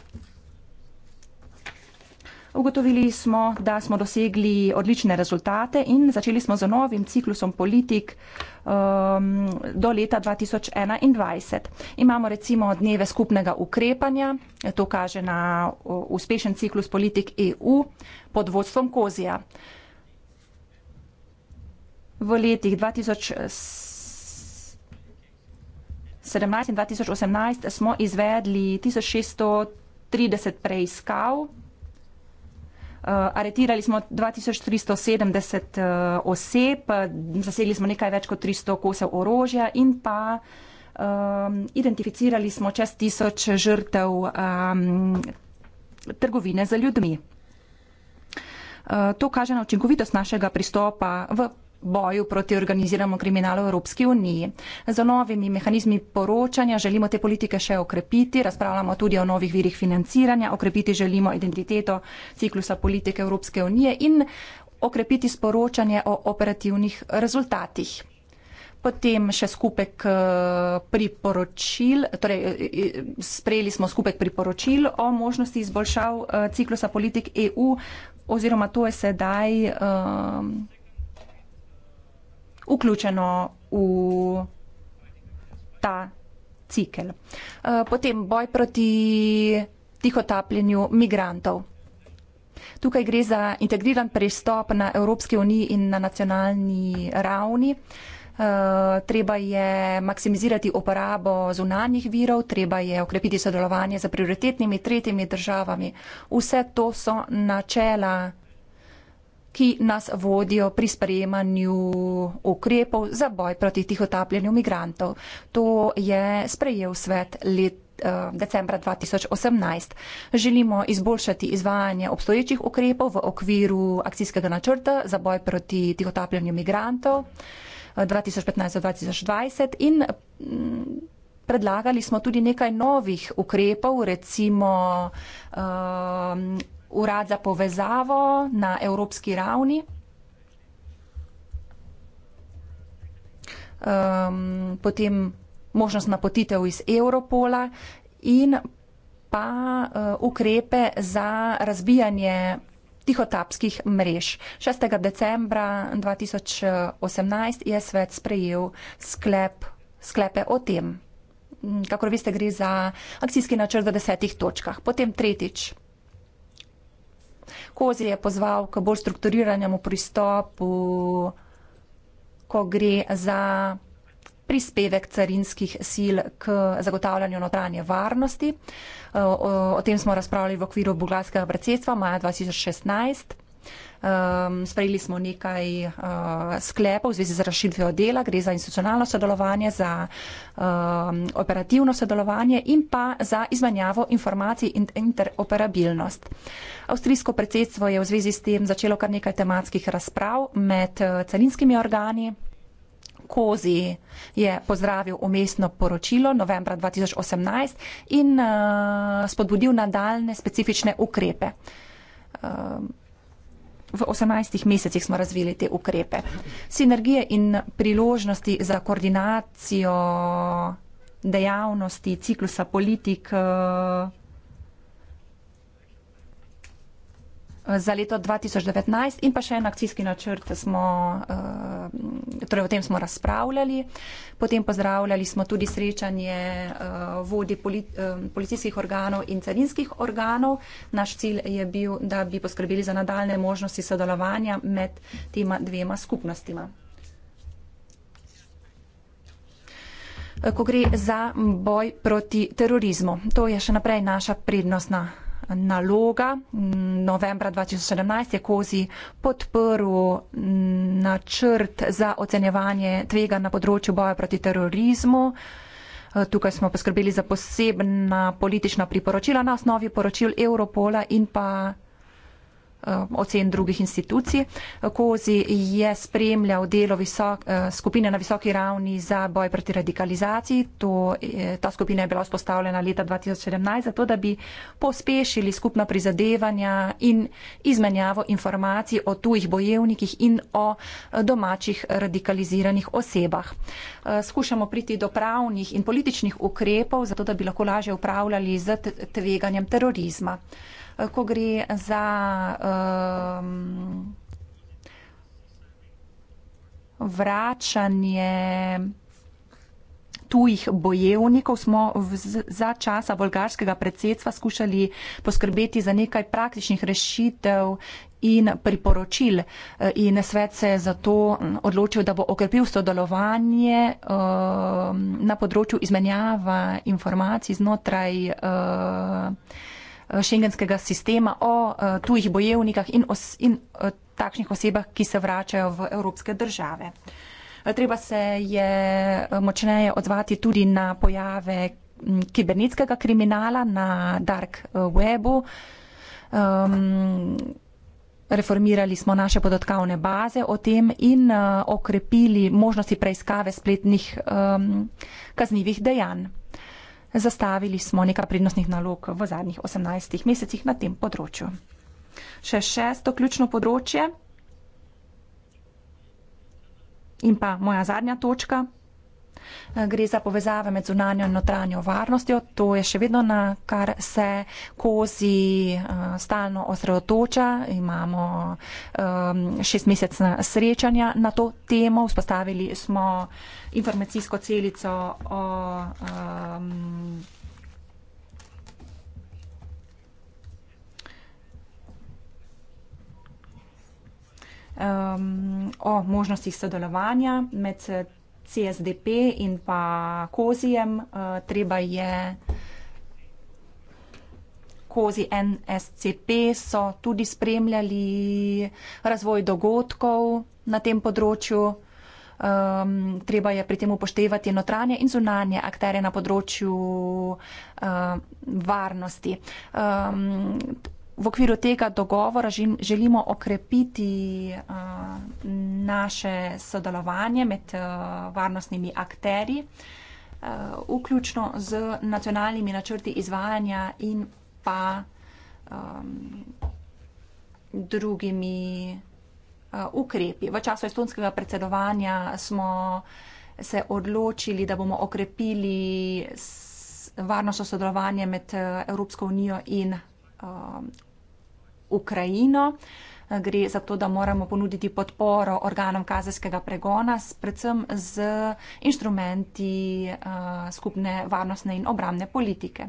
Ugotovili smo, da smo dosegli odlične rezultate in začeli smo z novim ciklusom politik um, do leta 2021. Imamo recimo dneve skupnega ukrepanja, to kaže na uspešen ciklus politik EU pod vodstvom Kozija. V letih 2017 in 2018 smo izvedli 1630 preiskav. Eh, aretirali smo 2370 eh, oseb, eh, zasedli smo nekaj več kot 300 kosov orožja in pa identificirali smo čez tisoč žrtev trgovine za ljudmi. To kaže na učinkovitost našega pristopa v boju proti organiziranemu kriminalu v Evropski uniji. Za novimi mehanizmi poročanja želimo te politike še okrepiti, razpravljamo tudi o novih virih financiranja, okrepiti želimo identiteto ciklusa politike Evropske unije in okrepiti sporočanje o operativnih rezultatih. Potem še skupek eh, priporočil, torej eh, eh, sprejeli smo skupek priporočil o možnosti izboljšav ciklusa politik EU oziroma to je sedaj. Um, vključeno v ta cikel. Eh, potem boj proti tihotapljenju migrantov. Tukaj gre za integriran pristop na Evropski uniji in na nacionalni ravni. Uh, treba je maksimizirati uporabo zunanjih virov, treba je okrepiti sodelovanje z prioritetnimi tretjimi državami. Vse to so načela ki nas vodijo pri sprejemanju ukrepov za boj proti tihotapljenju migrantov. To je sprejel svet let eh, decembra 2018. Želimo izboljšati izvajanje obstoječih ukrepov v okviru akcijskega načrta za boj proti tihotapljenju migrantov 2015-2020 eh, in mm, predlagali smo tudi nekaj novih ukrepov, recimo um, urad za povezavo na evropski ravni. Um, potem možnost napotitev iz Europola in pa uh, ukrepe za razbijanje tihotapskih mrež. 6. decembra 2018 je svet sprejel sklep, sklepe o tem. Kakor veste, gre za akcijski načrt v desetih točkah. Potem tretjič Kozi je pozval k bolj strukturiranemu pristopu, ko gre za prispevek carinskih sil k zagotavljanju notranje varnosti. O, o, o tem smo razpravljali v okviru Bulgarskega predsedstva maja 2016. Um, sprejeli smo nekaj uh, sklepov v zvezi z rašitvijo dela, gre za institucionalno sodelovanje, za um, operativno sodelovanje in pa za izmenjavo informacij in interoperabilnost. Avstrijsko predsedstvo je v zvezi s tem začelo kar nekaj tematskih razprav med uh, eh, celinskimi organi. Kozi je pozdravil umestno poročilo novembra 2018 in uh, spodbudil nadaljne specifične ukrepe. Uh, v 18 mesecih smo razvili te ukrepe. Sinergije in priložnosti za koordinacijo dejavnosti ciklusa politik eh, za leto 2019 in pa še en akcijski načrt smo, eh, torej o tem smo razpravljali. Potem pozdravljali smo tudi srečanje eh, vodi eh, policijskih organov in carinskih organov. Naš cilj je bil, da bi poskrbeli za nadaljne možnosti sodelovanja med tema dvema skupnostima. Ko gre za boj proti terorizmu, to je še naprej naša prednostna naloga. Novembra 2017 je Kozi podprl mm, načrt za ocenjevanje tvega na področju boja proti terorizmu. Eh, tukaj smo poskrbeli za posebna politična priporočila na osnovi poročil Europola in pa Eh, ocen drugih institucij. Kozi je spremljal delo visok, eh, skupine na visoki ravni za boj proti radikalizaciji. To, eh, ta skupina je bila vzpostavljena leta 2017, zato da bi pospešili skupna prizadevanja in izmenjavo informacij o tujih bojevnikih in o domačih radikaliziranih osebah. Skušamo priti do pravnih in političnih ukrepov, zato da bi lahko lažje upravljali z tveganjem terorizma. Eh, ko gre za um, vračanje tujih bojevnikov smo za časa bolgarskega predsedstva skušali poskrbeti za nekaj praktičnih rešitev in priporočil. Eh, in svet se je zato odločil, da bo okrepil sodelovanje ehm, na področju izmenjava informacij znotraj eh, Eh, šengenskega sistema, o eh, tujih bojevnikah in, os, in eh, takšnih osebah, ki se vračajo v evropske države. Treba se je močneje odzvati tudi na pojave kibernetskega kriminala na dark webu. Um, reformirali smo naše podatkovne baze o tem in uh, okrepili možnosti preiskave spletnih um, kaznjivih dejanj zastavili smo nekaj prednostnih nalog v zadnjih 18 mesecih na tem področju. Še šesto ključno področje in pa moja zadnja točka Eh, gre za povezave med zunanjo in notranjo varnostjo. To je še vedno, na kar se kozi eh, stalno osredotoča. Imamo um, ehm, šest mesecev srečanja na to temo. Vzpostavili smo informacijsko celico o. Um, Um, o možnostih sodelovanja med CSDP in pa kozijem, eh, treba je kozi NSCP so tudi spremljali razvoj dogodkov na tem področju. Um, treba je pri tem upoštevati notranje in zunanje aktere na področju uh, varnosti. Um, v okviru tega dogovora želimo okrepiti uh, naše sodelovanje med uh, varnostnimi akteri, uh, vključno z nacionalnimi načrti izvajanja in pa um, drugimi ukrepi. V času estonskega predsedovanja smo se odločili, da bomo okrepili varnostno sodelovanje med Evropsko unijo in um, Ukrajino. Gre za to, da moramo ponuditi podporo organom kazenskega pregona, predvsem z instrumenti eh, skupne varnostne in obramne politike.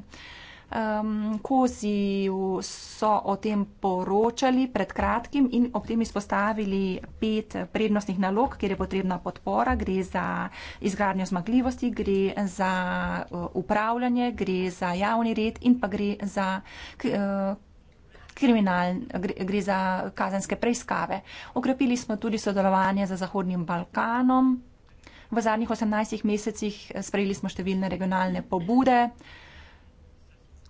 Kozi so o tem poročali pred kratkim in ob tem izpostavili pet prednostnih nalog, kjer je potrebna podpora. Gre za izgradnjo zmagljivosti, gre za eh, upravljanje, gre za javni red in pa gre za eh, kriminal, gre za kazenske preiskave. Okrepili smo tudi sodelovanje za Zahodnim Balkanom. V zadnjih 18 mesecih eh, sprejeli smo številne regionalne pobude.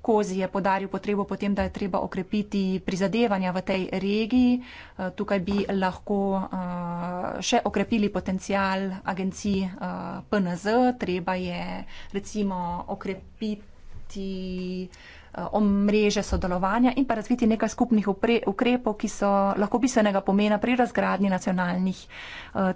Kozi je podaril potrebo potem, da je treba okrepiti prizadevanja v tej regiji. Eh, tukaj bi lahko eh, še okrepili potencial agencij PNZ. Treba je recimo okrepiti omrežje sodelovanja in pa razviti nekaj skupnih ukrepov, ki so lahko bistvenega pomena pri razgradnji nacionalnih eh,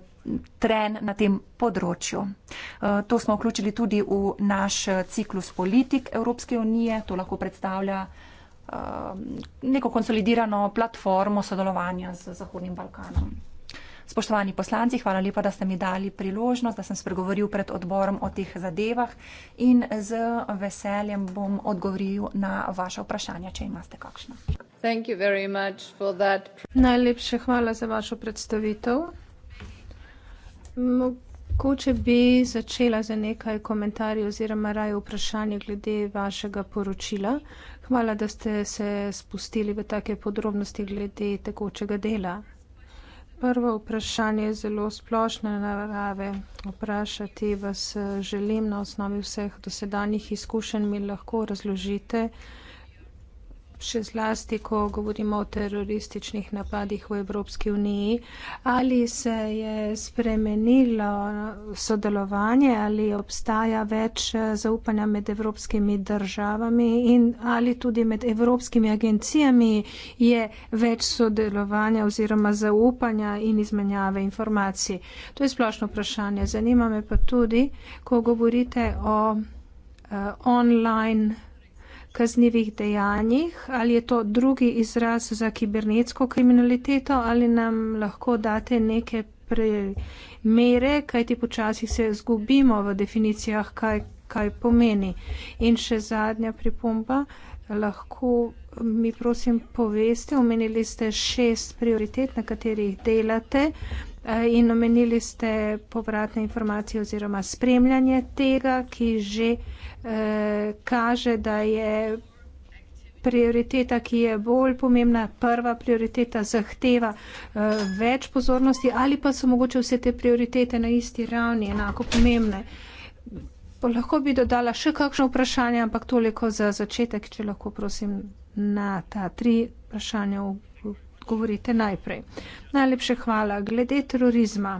tren na tem področju. Eh, to smo vključili tudi v naš ciklus politik Evropske unije. To lahko predstavlja eh, neko konsolidirano platformo sodelovanja z Zahodnim Balkanom. Spoštovani poslanci, hvala lepa, da ste mi dali priložnost, da sem spregovoril pred odborom o teh zadevah in z veseljem bom odgovoril na vaše vprašanja, če imate kakšno. Najlepše hvala za vašo predstavitev. Mogoče bi začela za nekaj komentarjev oziroma raje vprašanje glede vašega poročila. Hvala, da ste se spustili v take podrobnosti glede tekočega dela prvo vprašanje je zelo splošne narave. Vprašati vas želim na osnovi vseh dosedanjih izkušenj, mi lahko razložite, še zlasti, ko govorimo o terorističnih napadih v Evropski uniji. Ali se je spremenilo sodelovanje, ali obstaja več eh, zaupanja med evropskimi državami in ali tudi med evropskimi agencijami je več sodelovanja oziroma zaupanja in izmenjave informacij? To je splošno vprašanje. Zanima me pa tudi, ko govorite o uh, online kaznjivih dejanjih, ali je to drugi izraz za kibernetsko kriminaliteto, ali nam lahko date neke premere, kajti počasi se zgubimo v definicijah, kaj, kaj pomeni. In še zadnja pripomba, lahko mi prosim poveste, omenili ste šest prioritet, na katerih delate. Eh, in omenili ste povratne informacije oziroma spremljanje tega, ki že Eh, kaže, da je prioriteta, ki je bolj pomembna, prva prioriteta zahteva eh, več pozornosti ali pa so mogoče vse te prioritete na isti ravni enako pomembne. Pa lahko bi dodala še kakšno vprašanje, ampak toliko za začetek, če lahko prosim na ta tri vprašanja govorite najprej. Najlepše hvala. Glede terorizma.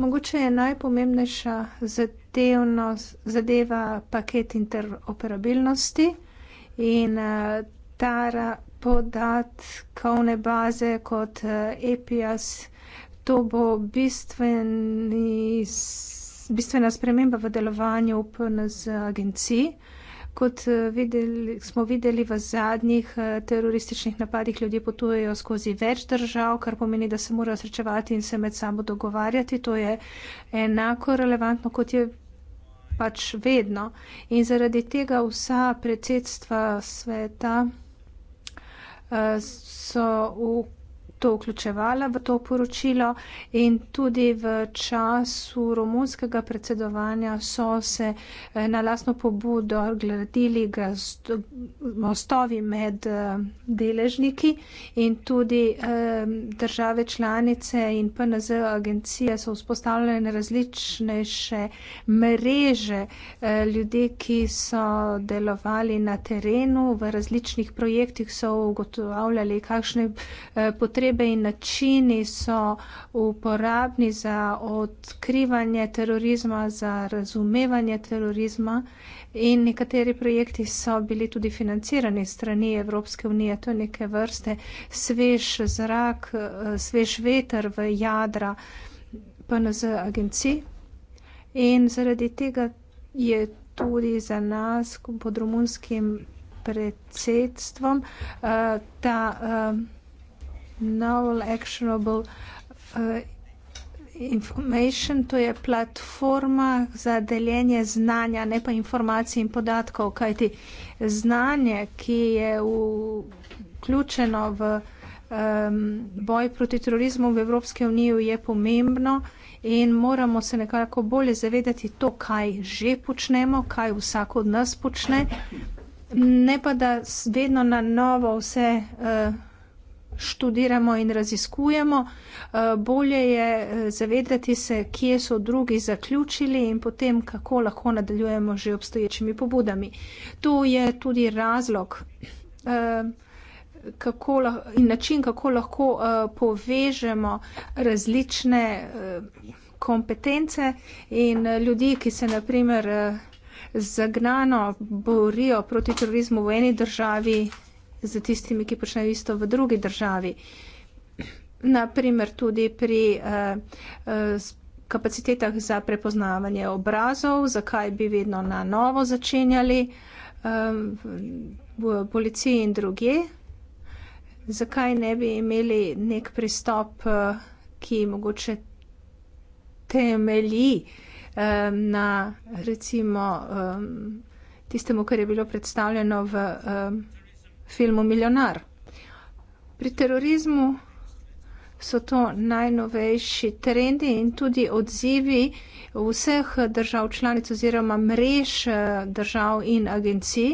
Mogoče je najpomembnejša zadeva paket interoperabilnosti in eh, ta podatkovne baze kot APIAS, eh, to bo bistveni, bistvena sprememba v delovanju PNZ agencij. Kot eh, videli, smo videli v zadnjih eh, terorističnih napadih, ljudje potujejo skozi več držav, kar pomeni, da se morajo srečevati in se med sabo dogovarjati. To je enako relevantno, kot je pač vedno. In zaradi tega vsa predsedstva sveta eh, so v to vključevala v to poročilo in tudi v času romunskega predsedovanja so se eh, na lasno pobudo gradili mostovi med eh, deležniki in tudi eh, države članice in PNZ agencije so vzpostavljene različne še mreže ljudi, ki so delovali na terenu v različnih projektih, so ugotovljali, kakšne potrebe osebe in načini so uporabni za odkrivanje terorizma, za razumevanje terorizma in nekateri projekti so bili tudi financirani strani Evropske unije. To je neke vrste svež zrak, svež veter v jadra PNZ agenciji in zaradi tega je tudi za nas pod romunskim predsedstvom uh, ta uh, novel actionable uh, information, to je platforma za deljenje znanja, ne pa informacij in podatkov, kajti znanje, ki je vključeno v um, boj proti terorizmu v Evropske uniji je pomembno in moramo se nekako bolje zavedati to, kaj že počnemo, kaj vsak od nas počne, ne pa da vedno na novo vse počnemo, uh, študiramo in raziskujemo, eh, bolje je eh, zavedati se, kje so drugi zaključili in potem, kako lahko nadaljujemo že obstoječimi pobudami. To je tudi razlog eh, kako, in način, kako lahko povežemo različne kompetence in ljudi, ki se naprimer zagnano borijo proti terorizmu v eni državi, z tistimi, ki počnejo isto v drugi državi. Naprimer tudi pri eh, eh kapacitetah za prepoznavanje obrazov, zakaj bi vedno na novo začenjali eh, v policiji in druge, zakaj ne bi imeli nek pristop, eh, ki mogoče temelji eh, na recimo eh, tistemu, kar je bilo predstavljeno v. Eh, filmu Milijonar. Pri terorizmu so to najnovejši trendi in tudi odzivi vseh držav članic oziroma mrež eh, držav in agencij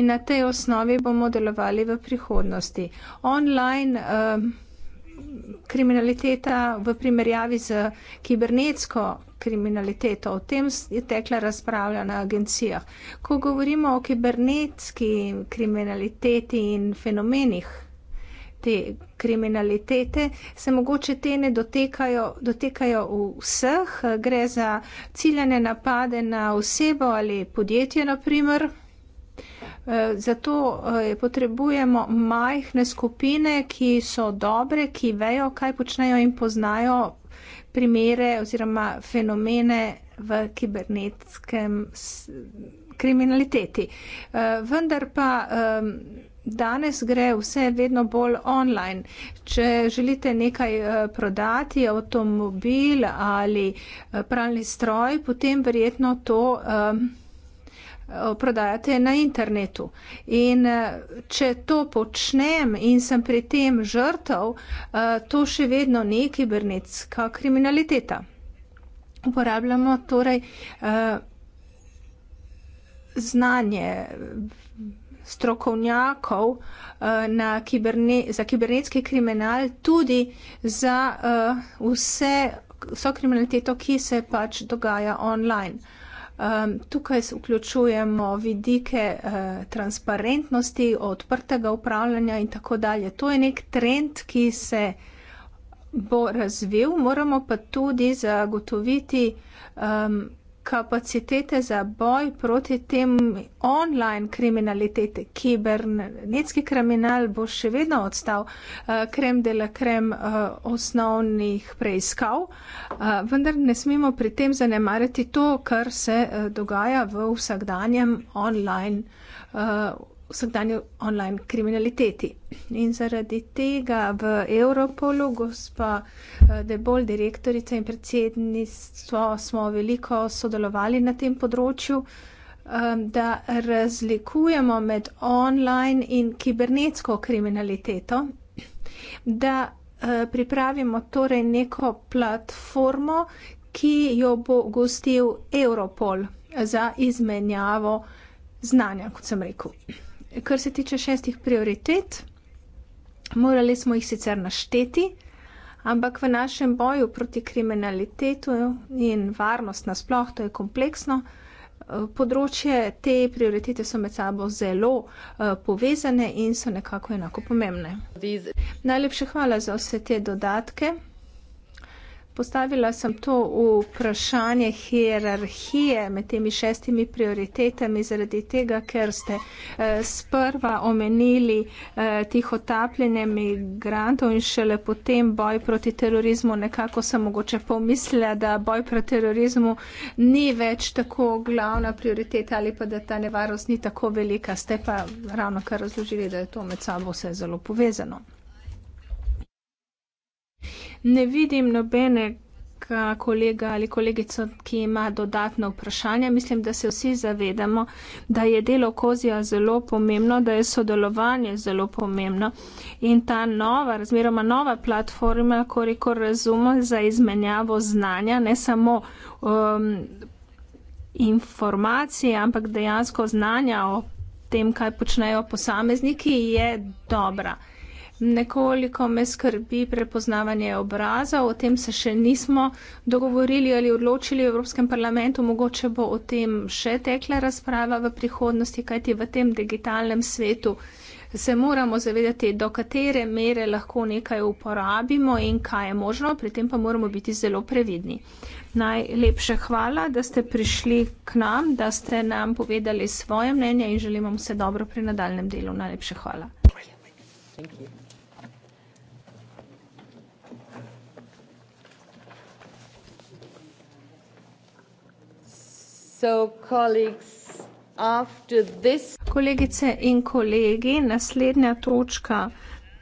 in na tej osnovi bomo delovali v prihodnosti. Online, uh, kriminaliteta v primerjavi z kibernetsko kriminaliteto. O tem je tekla razpravlja na agencijah. Ko govorimo o kibernetski kriminaliteti in fenomenih te kriminalitete, se mogoče te ne dotekajo, dotekajo vseh. Gre za ciljene napade na osebo ali podjetje, na primer. Eh, zato eh, potrebujemo majhne skupine, ki so dobre, ki vejo, kaj počnejo in poznajo primere oziroma fenomene v kibernetskem kriminaliteti. Eh, vendar pa ehm, danes gre vse vedno bolj online. Če želite nekaj prodati, avtomobil ali pralni stroj, potem verjetno to ehm, prodajate na internetu. In eh, če to počnem in sem pri tem žrtev, eh, to še vedno ni kibernetska kriminaliteta. Uporabljamo torej eh, znanje strokovnjakov na kiberne, za kibernetski kriminal tudi za vse, vso kriminaliteto, ki se pač dogaja online. Tukaj vključujemo vidike eh, transparentnosti, odprtega upravljanja in tako dalje. To je nek trend, ki se bo razvil, moramo pa tudi zagotoviti um, kapacitete za boj proti tem online kriminaliteti, kibernetski kriminal bo še vedno odstav krem eh, dela krem eh, osnovnih preiskav, eh, vendar ne smemo pri tem zanemariti to, kar se dogaja v vsakdanjem online vsakdanji online kriminaliteti. In zaradi tega v Europolu, gospa eh, Debol, direktorica in predsedništvo, smo veliko sodelovali na tem področju, eh, da razlikujemo med online in kibernetsko kriminaliteto, da eh, pripravimo torej neko platformo, ki jo bo gostil Europol za izmenjavo znanja, kot sem rekel kar se tiče šestih prioritet, morali smo jih sicer našteti, ampak v našem boju proti kriminalitetu in varnost nasploh, to je kompleksno. Eh, področje te prioritete so med sabo zelo eh, povezane in so nekako enako pomembne. Najlepše hvala za vse te dodatke. Postavila sem to vprašanje hierarhije med temi šestimi prioritetami zaradi tega, ker ste eh, sprva omenili eh, tih otapljenje migrantov in šele potem boj proti terorizmu. Nekako sem mogoče pomislila, da boj proti terorizmu ni več tako glavna prioriteta ali pa da ta nevarost ni tako velika. Ste pa ravno kar razložili, da je to med sabo vse zelo povezano ne vidim nobenega kolega ali kolegico, ki ima dodatno vprašanje. Mislim, da se vsi zavedamo, da je delo Kozija zelo pomembno, da je sodelovanje zelo pomembno in ta nova, razmeroma nova platforma, koliko razumem, za izmenjavo znanja, ne samo. Um, informacije, ampak dejansko znanja o tem, kaj počnejo posamezniki, je dobra. Nekoliko me skrbi prepoznavanje obraza, o tem se še nismo dogovorili ali odločili v Evropskem parlamentu, mogoče bo o tem še tekla razprava v prihodnosti, kajti v tem digitalnem svetu se moramo zavedati, do katere mere lahko nekaj uporabimo in kaj je možno, pri tem pa moramo biti zelo previdni. Najlepše hvala, da ste prišli k nam, da ste nam povedali svoje mnenje in želim vam vse dobro pri nadaljem delu. Najlepše hvala. Thank you. Kolegice in kolegi, naslednja točka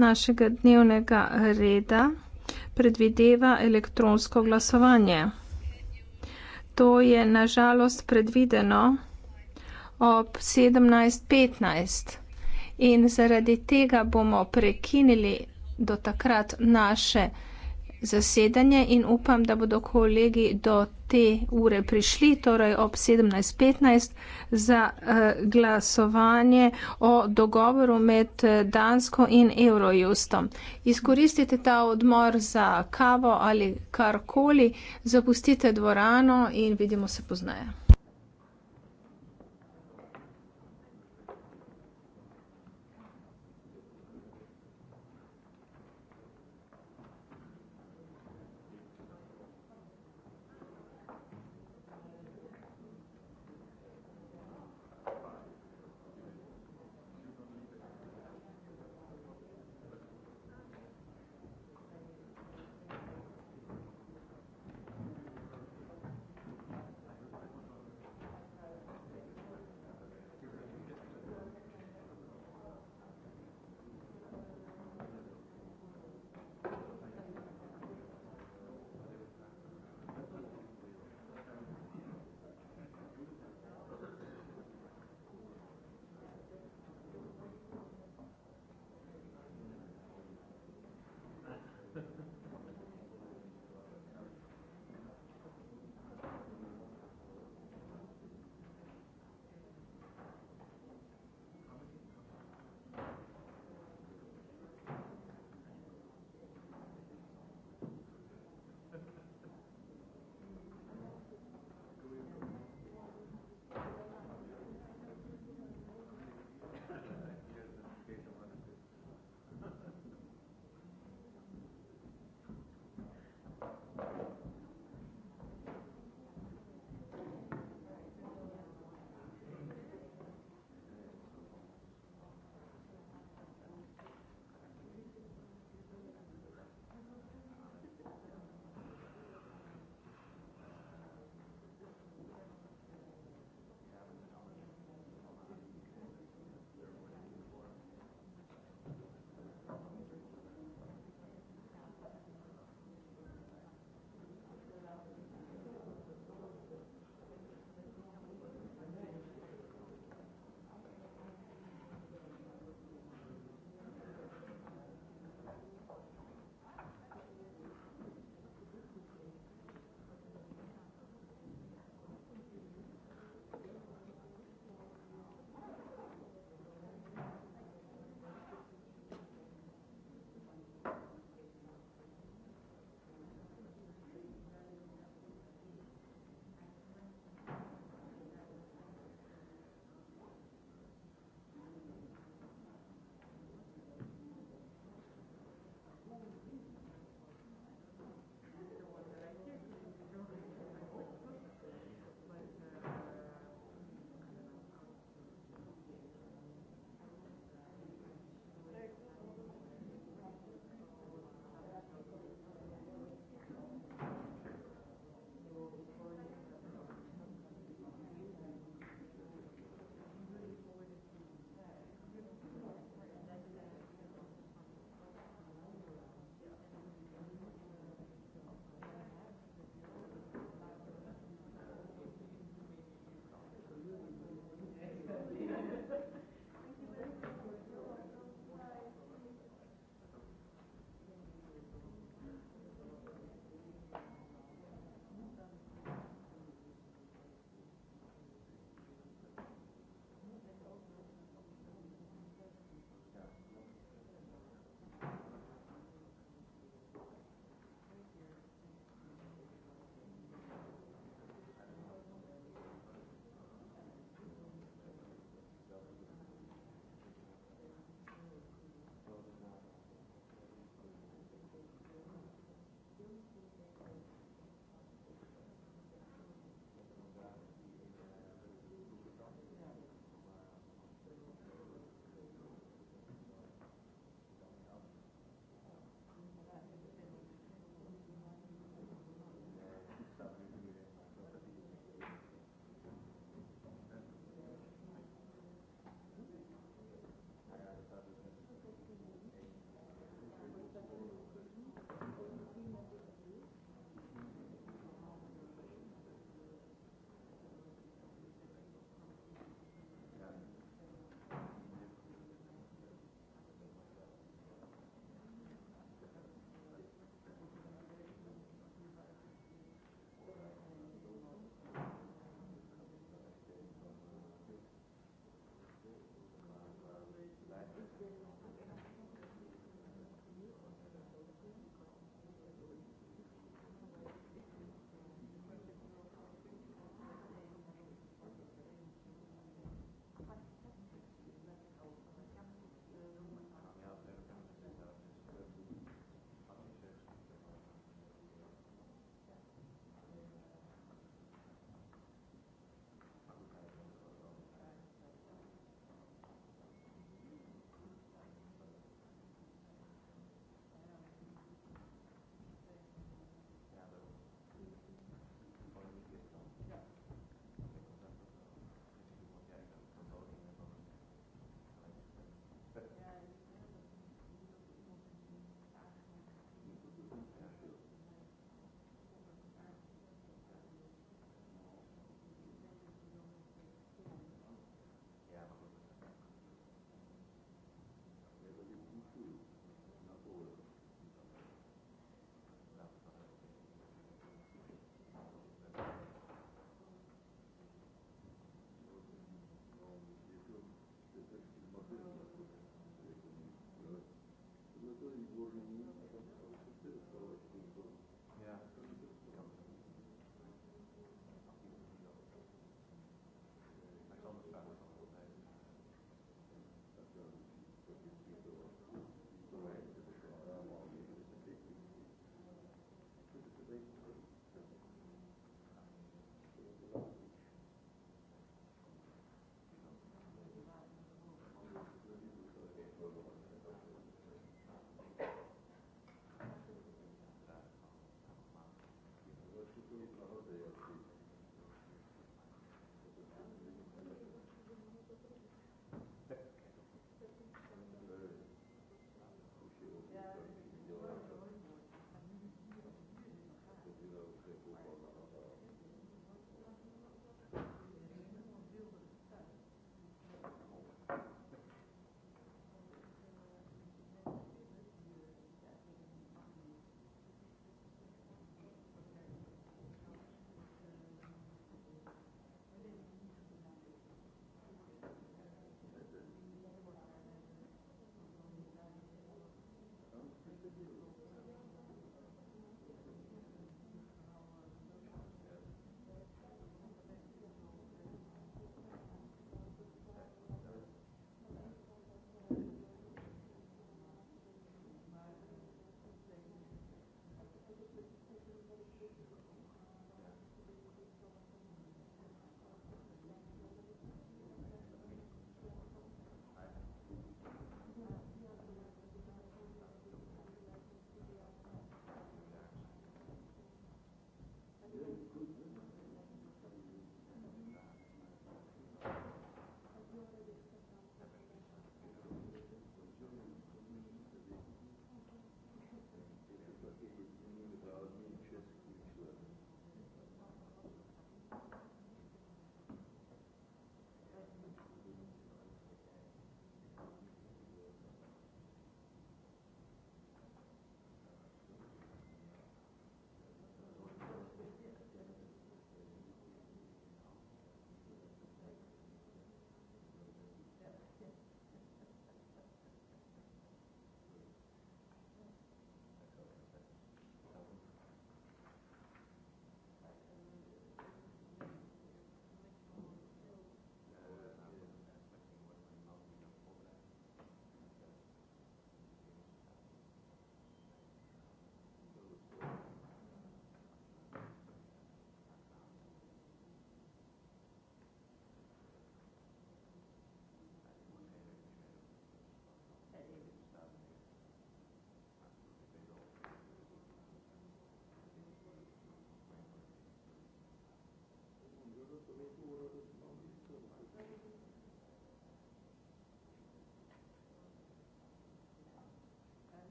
našega dnevnega reda predvideva elektronsko glasovanje. To je nažalost predvideno ob 17.15 in zaradi tega bomo prekinili do takrat naše glasovanje zasedanje in upam, da bodo kolegi do te ure prišli, torej ob 17.15, za eh, glasovanje o dogovoru med eh, Dansko in Eurojustom. Izkoristite ta odmor za kavo ali karkoli, zapustite dvorano in vidimo se poznaje.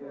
Yeah.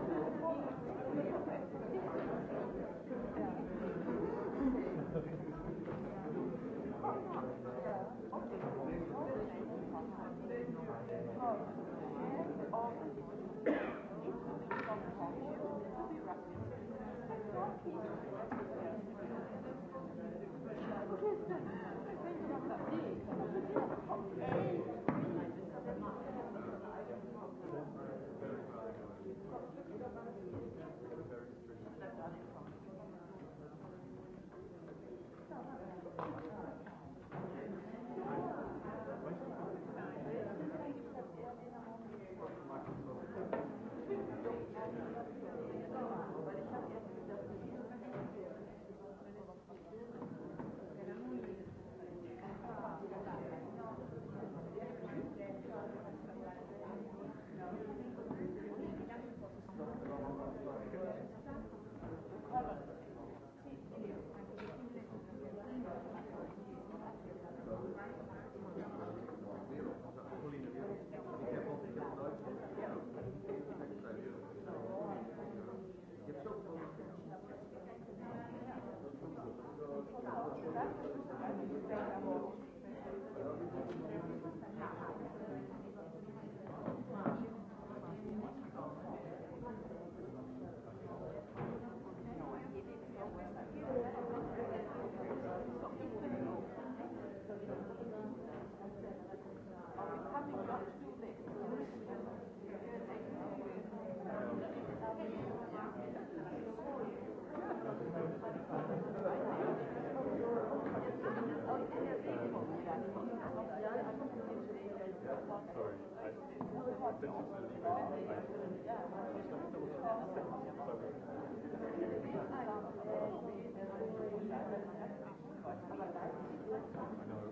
Thank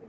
you.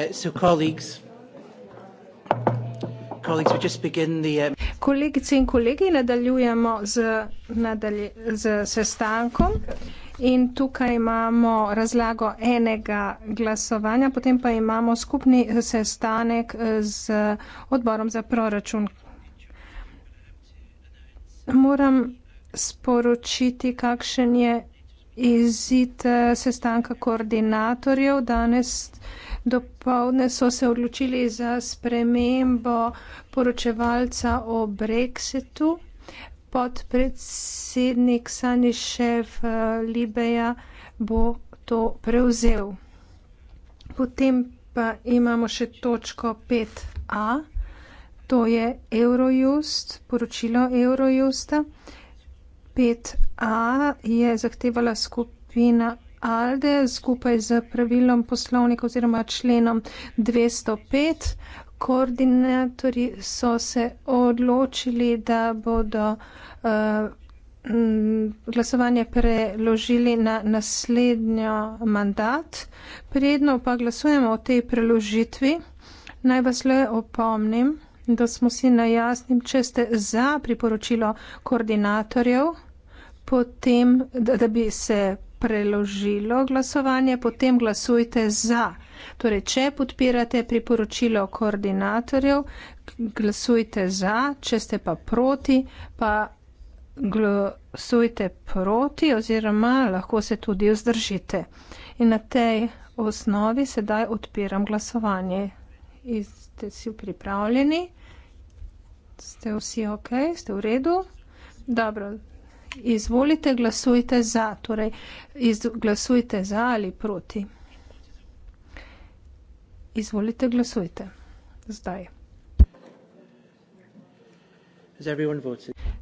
Uh, so colleagues colleagues we just begin the um... kolegice in kolegi nadaljujemo z nadalj z sestankom In tukaj imamo razlago enega glasovanja, potem pa imamo skupni sestanek uh, z odborom za proračun. Moram sporočiti, kakšen je izid uh, sestanka koordinatorjev danes. Dopovdne so se odločili za spremembo poročevalca o Brexitu. Podpredsednik Sanišev eh, Libeja bo to prevzel. Potem pa imamo še točko 5a, to je Eurojust, poročilo Eurojusta. 5a je zahtevala skupina ALDE skupaj z pravilom poslovnika oziroma členom 205. Koordinatori so se odločili, da bodo uh, glasovanje preložili na naslednjo mandat. Predno pa glasujemo o tej preložitvi. Naj vas le opomnim, da smo si najasnim, če ste za priporočilo koordinatorjev, potem, da, da bi se preložilo glasovanje, potem glasujte za. Torej, če podpirate priporočilo koordinatorjev, glasujte za, če ste pa proti, pa glasujte proti oziroma lahko se tudi vzdržite. In na tej osnovi sedaj odpiram glasovanje. Ste vsi pripravljeni? Ste vsi ok? Ste v redu? Dobro izvolite, glasujte za, torej glasujte za ali proti. Izvolite, glasujte. Zdaj.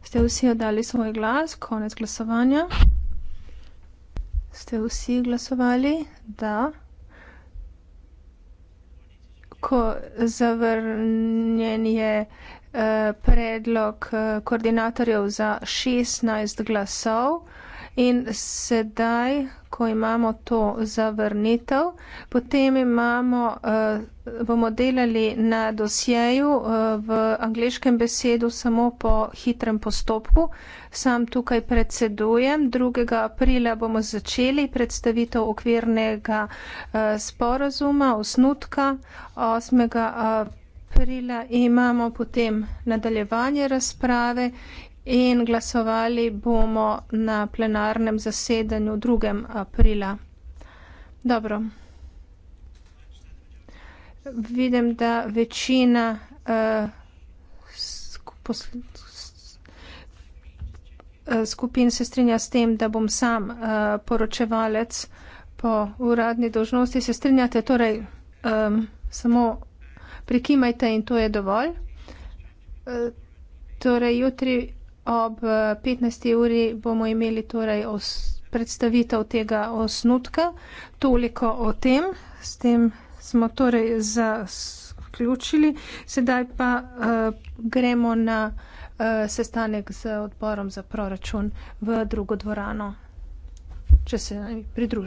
Ste vsi oddali svoj glas, konec glasovanja? Ste vsi glasovali, da? Ko zavrnjen je predlog eh, koordinatorjev za 16 glasov in sedaj, ko imamo to zavrnitev, potem imamo, eh, bomo delali na dosjeju eh, v angliškem besedu samo po hitrem postopku. Sam tukaj predsedujem, 2. aprila bomo začeli predstavitev okvirnega sporazuma, osnutka 8. aprila aprila imamo potem nadaljevanje razprave in glasovali bomo na plenarnem zasedanju 2. aprila. Dobro. Vidim, da večina uh, skupin se strinja s tem, da bom sam uh, poročevalec po uradni dožnosti. Se strinjate torej um, samo prikimajte in to je dovolj. E, torej, jutri ob 15. E, uri bomo imeli torej os, predstavitev tega osnutka. Toliko o tem. S tem smo torej zaključili. Sedaj pa uh, gremo na uh, sestanek z odborom za proračun v drugo dvorano, če se pridružite.